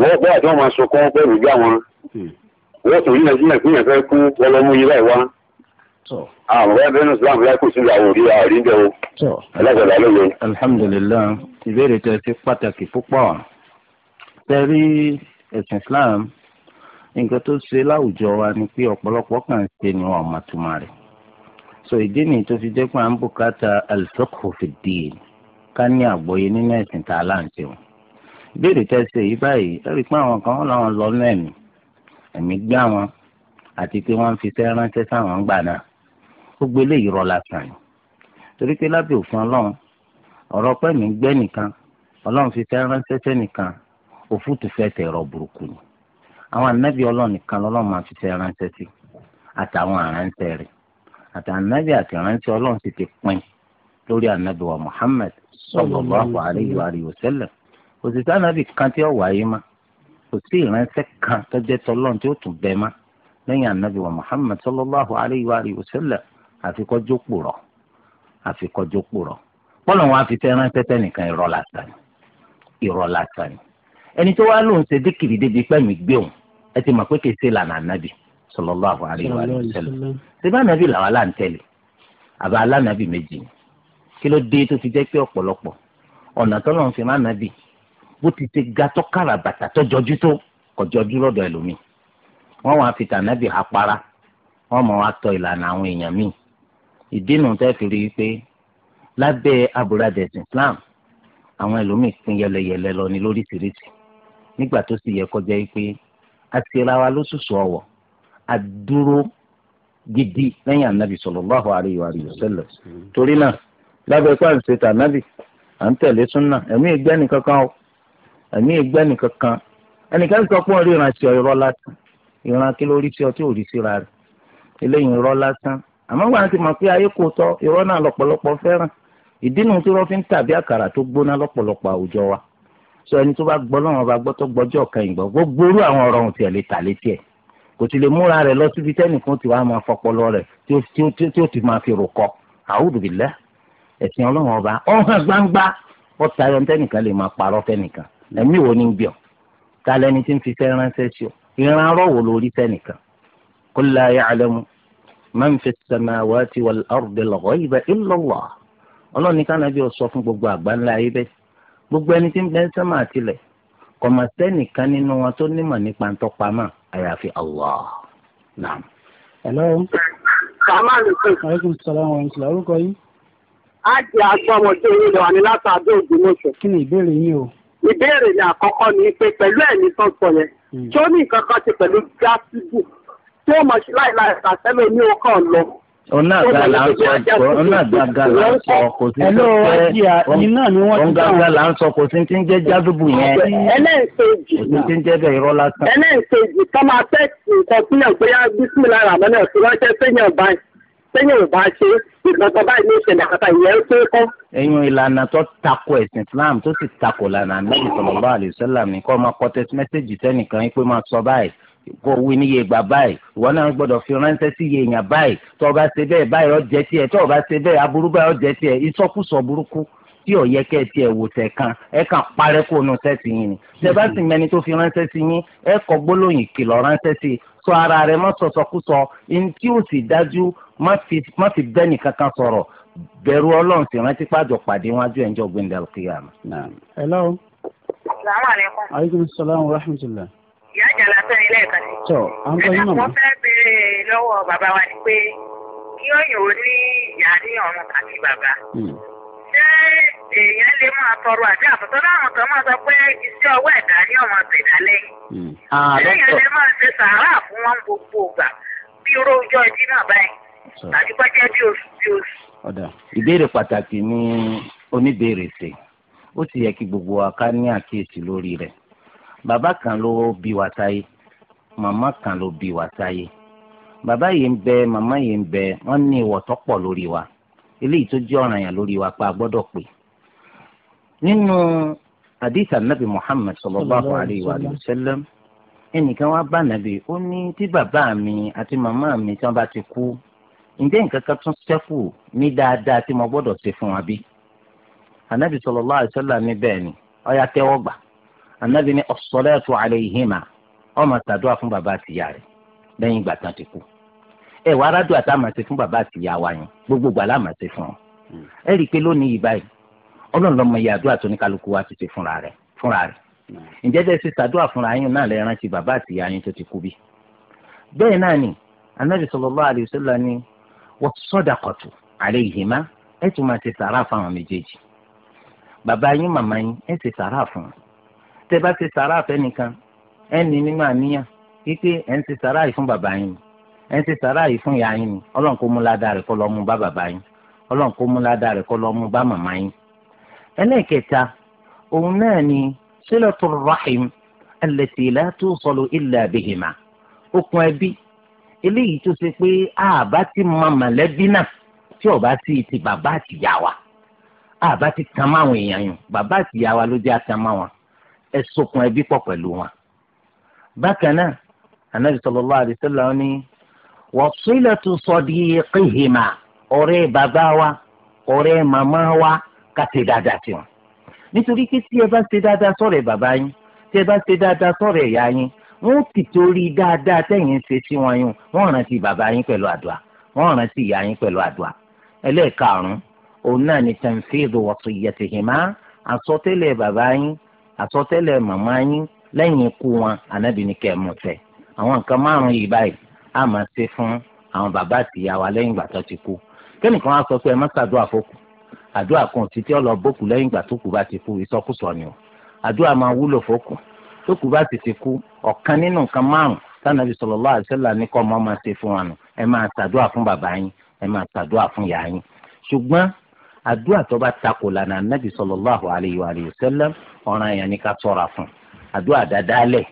wọ́n pẹ́ àti wọ́n máa sọ kọ́ pẹ́ ìrújú àwọn. Hmm. wọ́n tún ní nàìjíríà pé yẹn fẹ́ kú ọlọ́mú yìí àwọn ọ̀rẹ́ bẹ́ẹ̀ ní islam láìpẹ́ sí ìyàwó rí àárín jẹ́ o alágbàdá ló yẹ. alhamdulilayi ìbéèrè tẹ ti pàtàkì púpọ̀ tẹ́rí ẹ̀sìn islam nǹkan tó ṣe láwùjọ wa ni pé ọ̀pọ̀lọpọ̀ kan ṣe ni wọn ọ̀ma tó máa rẹ̀ so ìdí nìyí tó fi jẹ́ pé à ń bùkátà alifọ́kù fìdí ká ní àgbọ́yé nínú ẹ̀sìn tá a láǹṣe wọn ìbéèrè tẹ ṣe yìí báyìí ẹ rí i pé àwọn kan wọn làwọn lọ náà ẹ̀mí ẹ̀mí gbá wọn àti pé wọ́n ń fi fẹ́ ránṣẹ́ sáwọn gbà náà gbogbo eléyìí rọ lásán yìí torí pé lábẹ́ òfin ọlọ́run ọ̀rọ̀ pẹ́ mi gbẹ́ nìkan ọlọ́run fi fẹ́ ránṣẹ́ sẹ́nìkan òfútu fẹ́ tẹ̀rọ burúkú ni àwọn ànábì ọlọ́run nìkan lọ́lọ́run máa fi fẹ́ ránṣẹ́ sí àtàwọn àránṣẹ́ rẹ̀ àtàwọn ànábì àti ránṣẹ́ ọlọ́run sì ti pín lórí ànábì wa Muhammad sallallahu alaihi wa alihi wasallam kò sì sànábì kan tí ó wáyé má kò sí ìránṣẹ́ kan tó jẹ́ tọ́lọ́run tí ó tún bẹ má lẹ́yìn ànábì wa Muhammad sallallahu alaihi wa alihi wasallam àfikọ́jọ́ pùrọ̀ àfikọ́jọ́ pùrọ̀ bọ́lá wọn àfi fẹ́ràn tẹ́tẹ́ nìkan irọ́ lásán irọ́ lásán ẹni tó wá lóun ṣe díkìrì débi pẹ́ẹ́mì gbé ẹ ti mọ̀ pé kì ṣe lànà ànábì sallallahu alaihi wa sallam ṣèbá ànábì làwọn aláǹtẹ̀lẹ̀ àbá alánàbì méjì ni kí ló dé tó fi jẹ́ pé ọ̀pọ̀lọpọ̀ ọ̀nà tó lọ́n fi má nàbì bó ti ṣe ga tó kára bàtà tó jọjú tó kọjọjú lọ́dọ̀ ẹlòmíì wọ́n wá fi tànàbì apara wọ́n mọ̀ wá tọ ìlànà àwọn èèyàn míì ìdínú tẹ́ fi rí i pé lábẹ́ aburadẹ̀sìn Islam àwọn ẹlòmíì pín yẹlẹyẹlẹ lọ ní lóríṣiríṣi nígbà tó sì yẹ kọjá yìí pé àtìrà wa lóṣooṣù ọwọ́ àdúró gidi lẹ́yìn anabi sallallahu alayhi wa sallam torí náà lábẹ́ ipá ìṣètò anabi à ń tẹ̀lé súnà ẹ̀mí ìgbẹ́ nìkankan o ẹ̀mí ìgbẹ́ nìkankan ẹnìkan sọ pé òun ríran sí ọ irọ́ lásán ìran tí ò rí síra rẹ̀ eléyìí irọ́ lásán àmọ́ gbà ń ti mọ̀ pé ayé kò tọ́ irọ́ náà lọ́pọ̀lọpọ̀ fẹ́ràn ìdínú tí wọ́n fi ń tàbí àkàrà tó gbóná lọ́pọ̀lọpọ̀ àwùjọ wa sọ ẹni tó bá gbọ́ lọ́wọ́n bá gbọ́ tó gbọ́jọ́ kan ìgbọ́ gbogbo orú àwọn ọ̀rọ̀ ohun tiẹ̀ lè tà létí ẹ̀ kò ti lè múra rẹ̀ lọ síbi tẹ́nìkan tí wàá máa fọpọlọ rẹ̀ tí ó ti máa fi rò kọ àwùjọ bìlẹ̀ ẹ̀sìn ọlọ́wọ́n ọba ọ̀hún gbangba ó tayọ tẹ́nìkan lè máa parọ́ tẹ́nìkan ẹ̀mí wo ni ń bíọ̀ man fi samawati wal ardi al-ghayba illa Allah ọlọ́run ní kánábí ó sọ fún gbogbo àgbáńlá ayé bẹ́ẹ̀ gbogbo ẹni tí ń bẹ sẹ́mà àtìlẹ̀ kọ̀mọ̀tẹ́ nìkan nínú wọn tó nímọ̀ nípa ń tọ́pa mọ́ àyàfi Allah naam. hello. salaamaleykum. aleykum salaam wa rahmatulah orúkọ yìí. a jẹ agbọmọ tí oyin lọ ní látàdé ògbómọṣọ. kí ni ìbéèrè yín o. ìbéèrè ni àkọ́kọ́ ni pé pẹ̀lú ẹ̀mí tó sọ yẹn tó hmm. ní nǹkan kan ṣe pẹ̀lú gásíbù tí ó mọ̀ sí láìláì àtàtẹ́lẹ̀ ní ọkọ̀ lọ. ọ̀nà àgbà là ń sọ ọ̀nà àgbà là ń sọ kò sí ní jẹ́ ọ̀nà àgbà là ń sọ kò sí ti ń jẹ́ jádùbù yẹn. ẹlẹ́ǹkejì kò sí ti ń jẹ́ bẹ́ẹ̀ irọ́ lásán. ẹlẹ́ǹkejì kọ́ máa tẹ́ẹ̀tì nǹkan tí yàn pé yá bísímìlá ràmọ́ náà fi ránṣẹ́ séyàn báyìí séyàn ò bá ṣe ìgbọ̀ngàn báyìí ní ìṣẹ̀lẹ̀ àkàtà ìyẹn tó kọ́. ẹ̀yin ìlànà tó takò ẹ̀sìn Islam tó sì takò lànà àmì ìsọ̀rọ̀ bá àlè kó o wí níye ìgbà báyìí ìwọ náà gbọ́dọ̀ fi ránṣẹ́ sí iye èèyàn báyìí tó o bá ṣe bẹ́ẹ̀ báyìí ó jẹ́ tiẹ̀ tó o bá ṣe bẹ́ẹ̀ aburú báyìí ó jẹ́ tiẹ̀ ìsọkúsọ burúkú tí ò yẹ kẹ́ ẹ tiẹ̀ wò tẹ̀ kan ẹ kàn parẹ́ kó nu sẹ́sì yín ni tẹ bá sì mẹni tó fi ránṣẹ́ sí yín ẹ kọ gbólóyìn kìlọ̀ ránṣẹ́ sí i sọ ara rẹ má sọ sọkúsọ ní tí ó sì dájú má fi bẹ́ẹ̀nì kankan sọ̀rọ̀ bẹ̀rù ọlọ́run sì Hello. Assalamu alaikum. Aleykum salaam wa ìyá ìjàlá fẹ́ ilé ẹ̀ka sí. tọ à ń gbọ́ yín màmá. mo fẹ́ béèrè lọ́wọ́ bàbá wa ni pé kí òyìnbó ní ìyá ní ọ̀run àti bàbá. Hmm. ṣé èèyàn lè máa tọrọ àti àfọ̀tọ́ láwọn kan máa sọ pé iṣẹ́ ọwọ́ ẹ̀dá ní ọmọ ṣẹ̀dá lẹ́yìn. Hmm. ṣé ah, èèyàn lè máa ṣe sàárà fún wọn gbogbo ìgbà bí oró ọjọ́ ìdínà báyìí tàbí kọjá bí oṣù bí oṣù. ọ̀dà ìbéèrè pàtàkì ni oníbèrè ṣe ó ti yẹ kí gbogbo wa ká ní àkíyèsí lórí rẹ̀ bàbá kan ló bí wa táyé màmá kan ló bí wa táyé bàbá yìí ń bẹ màmá yìí ń bẹ wọ́n ní ìwọ̀ tó pọ̀ lórí wa eléyìí tó jẹ́ ọ̀ràn yàn lórí wa pa gbọ́dọ̀ pé nínú àdìsá nàbì Muhammad sallallahu alayhi wa sallam ẹnìkan wá bá nàbì ó ní tí bàbá mi àti màmá mi tí wọn bá ti kú ǹjẹ́ nǹkan kan tún ṣẹ́kù ní dáadáa tí mo gbọ́dọ̀ ṣe fún wa bí. ànábì sallallahu alaihi wasallam ní bẹ́ẹ̀ ni ọ̀yà tẹ́wọ́ gbà anabi ní as-salatu alayhima ọmọ ṣàdúrà fún bàbá àtìyá rẹ̀ lẹ́yìn ìgbà tán ti kú ẹ wàá rádùn àtàmà ṣe fún bàbá àtìyá wa yẹn gbogbo ìgbà láàmà ṣe fún ọ hmm. ẹ rí i pé lónìí yìí báyìí ọlọ́run lọ́mọ iye àdúrà tó ní kálukú wa ti ṣe fúnra rẹ̀ fúnra rẹ̀ hmm. ǹjẹ́ bẹ́ẹ̀ ṣe ṣàdúrà fúnra yín náà lè rántí bàbá àtìyá yín tó ti kú bí. bẹ́ẹ̀ náà ni anabi sallallahu alayhi tẹ́ bá ṣe sàrà àfẹnìkan ẹ ní nínú àníyàn wípé ẹ ń ṣe sàrà yìí fún bàbá yín ni ẹ ń ṣe sàrà yìí fún ìyá yín ni ọlọ́run kó mú ládàá rẹ̀ kó lọ mú bá bàbá yín ọlọ́run kó mú ládàá rẹ̀ kó lọ mú bá màmá yín. ẹlẹ́ẹ̀kẹta òun náà ni sílẹ̀tù rahim allati la tusalu illa bihima okùn ẹbí eléyìí tó ṣe pé àbá ti mọ mọ̀lẹ́bí náà tí ó ti ti bàbá àtìyá wa àbá ti tàn máwọn èèyàn yàn bàbá àtìyá wa ló jẹ́ àtàn máwọn ẹ sokùn ẹbí pọ̀ pẹ̀lú wọn. bákan náà anabi sallallahu alaihi wasallam ní wasilatu sadiqihima ọ̀rẹ́ bàbá wa ọ̀rẹ́ màmá wa ká ṣe dáadáa sí wọn. nítorí pé tí ẹ bá ṣe dáadáa sọ̀rọ̀ bàbá yín tí ẹ bá ṣe dáadáa sọ̀rọ̀ ìyá yín wọ́n ti torí dáadáa tẹ̀yìn ṣe sí wọn yún wọ́n rántí bàbá yín pẹ̀lú àdúrà wọ́n rántí ìyá yín pẹ̀lú àdúrà. ẹlẹ́ẹ̀karùn òun náà ni tanfidhu wasiyyatihima àsọtẹ́lẹ̀ bàbá yín àsọtẹ́lẹ̀ màmá yín lẹ́yìn ikú wọn ànábì ní kẹ́ ẹ mọ̀ tẹ́ àwọn nǹkan márùn-ún yìí báyìí á máa ṣe fún àwọn bàbá àtìyá wa lẹ́yìn ìgbà tó ti kú kẹ́nìkan á sọ pé ẹ má ṣàdúrà fókù àdúrà kan títí ọlọ bókù lẹ́yìn ìgbà tó kù bá ti kú ìsọkúsọ ni o àdúrà máa wúlò fókù tó kù bá ti ti kú ọ̀kan nínú nǹkan márùn-ún tánàbí sallallahu alaihi wasallam ní kọ́ ọmọ máa ṣe fún wa nù ẹ máa ṣàdúrà fún bàbá yín ẹ máa ṣàdúrà fún ìyá yín ṣùgbọ́n àdúrà tó bá takò lànà ànábì sallallahu alaihi wasallam ọ̀ràn èèyàn ka ká tọ́ra fún àdúrà dáadáalẹ̀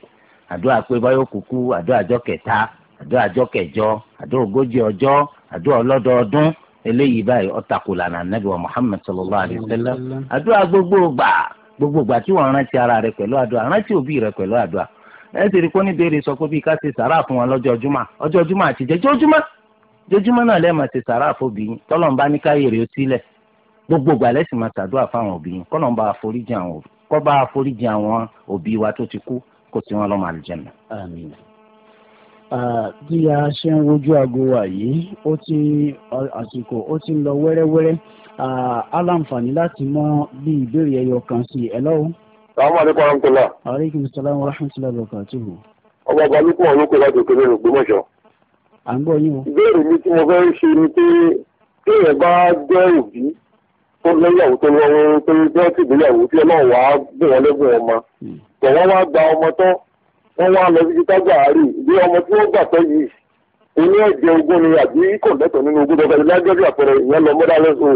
àdúrà pé báyọ̀ kúkú àdúrà ọjọ́ kẹta àdúrà ọjọ́ kẹjọ àdúrà ogójì ọjọ́ àdúrà ọlọ́dọọdún eléyìí báyìí ọ̀tàkù lànà nàbì wa muhammed sallallahu alayhi wa gbogbo gbà gbogbo gbà tí wọ́n ara rẹ pẹ̀lú àdúrà rántí òbí rẹ pẹ̀lú àdúrà ẹ sì rí béèrè sọ pé bí ká ṣe sàrà fún wọn lọ́jọ́ ọjọ́ àti náà ṣe sàrà ní káyèrè ó sílẹ̀ gbogbo gbà lẹ́sìn máa ṣàdúrà kó bá àforíjì àwọn òbí wa tó ti kú kó sì wọn lọ́mọ àlùjànnà. àmín bí a ṣe ń wojú aago wa yìí ó ti àsìkò ó ti ń lọ wẹ́rẹ́wẹ́rẹ́ aláǹfààní láti mọ bí ìbéèrè ẹyọ kan sí ẹ lọ́wọ́. sàmú àdékọ́ ọ̀rọ̀ aleykum salaam wa rahmatullahi wa barakatuhu. ọba balùwẹ̀ olóko láti òkèlè ògbómọ̀ṣọ́. à ń gbọ́ yín o. ìbéèrè mi tí mo fẹ́ ṣe ni pé tó lẹ́yàwó tó lọ́wọ́ tó jẹ́ tìgbéyàwó tí ọlọ́run wàá gùn wọn lẹ́gùn ọmọ tọ̀ hmm. wọ́n wá gba ọmọ tán wọ́n wá lọ sí tájà àárì bí ọmọ tí wọ́n gbà tọ́ yìí inú ẹ̀jẹ̀ ogún ni àbí kò lẹ́tọ̀ nínú ogún tó fẹ́ẹ́ lájọ́ bí àpẹẹrẹ ìyẹn lọ mọ́dá lẹ́sùn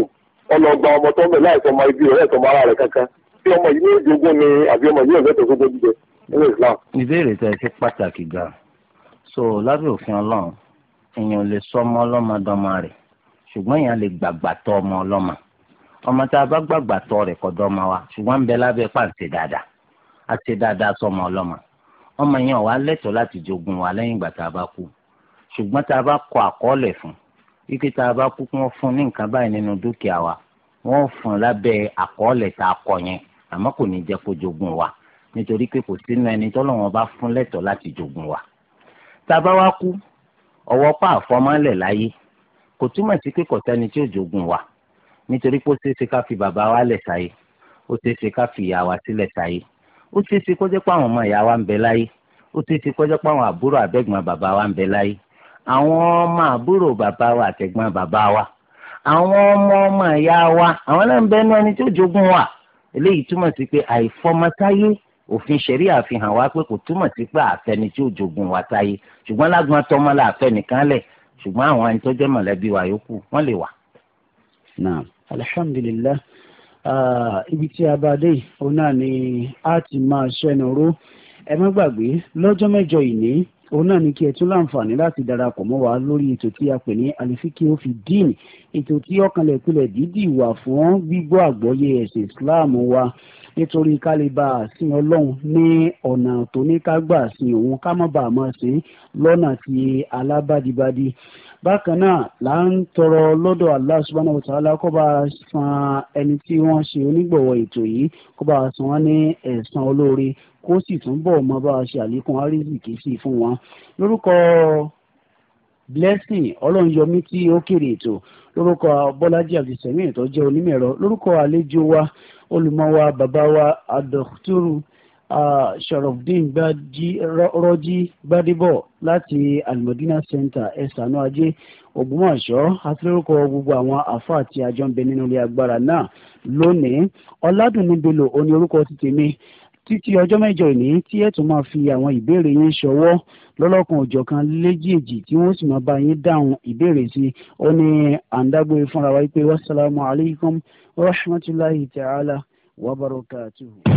ọlọ gba ọmọ tán bẹ̀ láìsọ ọmọ ibi rẹ̀ ẹ̀tọ́ ara rẹ̀ kankan bí ọmọ yìí ní ẹ̀jẹ̀ ogún ni àbí ọmọ yìí ọ̀fẹ́ tó tó jíjẹ nínú Islam. ìbéèrè tẹ ṣe pàtàkì gan so lábẹ́ òfin Ọlọ́run èèyàn lè sọ ọmọ ọlọ́mọdọ́mọ rẹ̀ ṣùgbọ́n èèyàn lè gbàgbà tọ́ ọmọ ọlọ́mọ ọmọ tá a bá gbàgbà tọ́ rẹ̀ kọ́ dọ́mọ wa ṣùgbọ́n ń bẹ lábẹ́ pàǹtí dáadáa á ti dáadáa sọmọ ọlọ́mọ ọmọ yẹn wàá lẹ́tọ̀ọ́ láti jogun wa lẹ́yìn ìgbà tá a bá kú ṣùgbọ́n tá a bá kọ àkọọ́lẹ̀ fún wípé tá a bá kú wọ́n fún ní nǹkan báyìí nínú dúkìá wa wọ́n fún lábẹ́ àkọọ́lẹ̀ tá a kọ yẹn àmọ́ kò ní jẹ́ kó jogun wa nítorí pé kò sínú ẹni tọ́lọ́wọ́n bá fún lẹ́tọ̀ọ́ láti jogun wa tá a bá wá kú ọwọ́ pa àfọmọ́lẹ̀ láyé kò túmọ̀ sí pé kò tí ò jogun wa nítorí pé ó ṣeé ṣe ká fi bàbá wa lẹ̀ sáyé ó ṣeé ṣe ká fi ìyá wa sílẹ̀ sáyé ó ṣeé ṣe kó jẹ́ pé àwọn ọmọ ìyá wa ń bẹ láyé ó ṣeé ṣe kó pé àwọn àbúrò àbẹ̀gbọ́n bàbá wa ń bẹ láyé àwọn ọmọ àbúrò bàbá wa àtẹ̀gbọ́n bàbá wa àwọn ọmọ ọmọ ìyá wa àwọn náà ń bẹ ní ẹni tó jogún wa eléyìí túmọ̀ sí pé àìfọmọtáyé òfin ṣẹ̀rí àfihàn wa pé kò túmọ̀ sí pé àfẹni tí ó jogun wa táyé ṣùgbọ́n lágbọ́n tọ́mọ́ la àfẹnìkan lẹ̀ ṣùgbọ́n àwọn ẹni tó jẹ́ mọ̀lẹ́bí wa yòókù wọ́n lè wà náà alhamdulillah ibi tí a bá dé òun náà ni a ti máa ṣẹnu ró ẹ má gbàgbé lọ́jọ́ mẹ́jọ ìní òun náà ni kí ẹ tún láǹfààní láti darapọ̀ mọ́ wa lórí ètò tí a pè ní alifiki ofi dín ètò tí ọkànlẹ̀kulẹ̀ dídì wà fún gbígbọ́ àgbọ́yé ẹ̀sìn Islam wa nítorí kálíbà sin ọlọ́run ní ọ̀nà tó ní òun ká má bàa máa sin lọ́nà tí alábàdìbàdì bákan náà là ń tọrọ lọ́dọ̀ Allah subhanahu wa ta'ala kó bá san ẹni tí wọ́n ṣe onígbọ̀wọ́ ètò yìí kó bá san wọ́n ní ẹ̀san olóore kó sì túnbọ̀ mọ bá a ṣe àlékún àrísìkí sí fún wọn lórúkọ blessing ọlọ́run tí ó kéré ètò lórúkọ bọ́lájí abdulsami tó jẹ́ onímọ̀ ẹ̀rọ lórúkọ àlejò wa olùmọ̀ wa bàbá wa adọ́túrú Ah, sharafdin rọjí gbadebo láti almadina center ẹsànú ajé ògbómọ̀ṣọ́ àtúrọkọ gbogbo àwọn àfa àti àjọ ń bẹ nínú ilé agbára náà lónìí ọládùnní bello oní orúkọ ti tèmi títí ọjọ́ mẹ́jọ ní tí ẹ̀ tún máa fi àwọn ìbéèrè yín ṣọwọ́ lọ́lọ́kan òjọ̀kan léjèèjì tí wọ́n sì máa bá yín dáhùn ìbéèrè sí ó ní àǹdágbé fúnra wa pé wàsálàmù alaykum rahmatulahi ta'ala wa barakatuhu.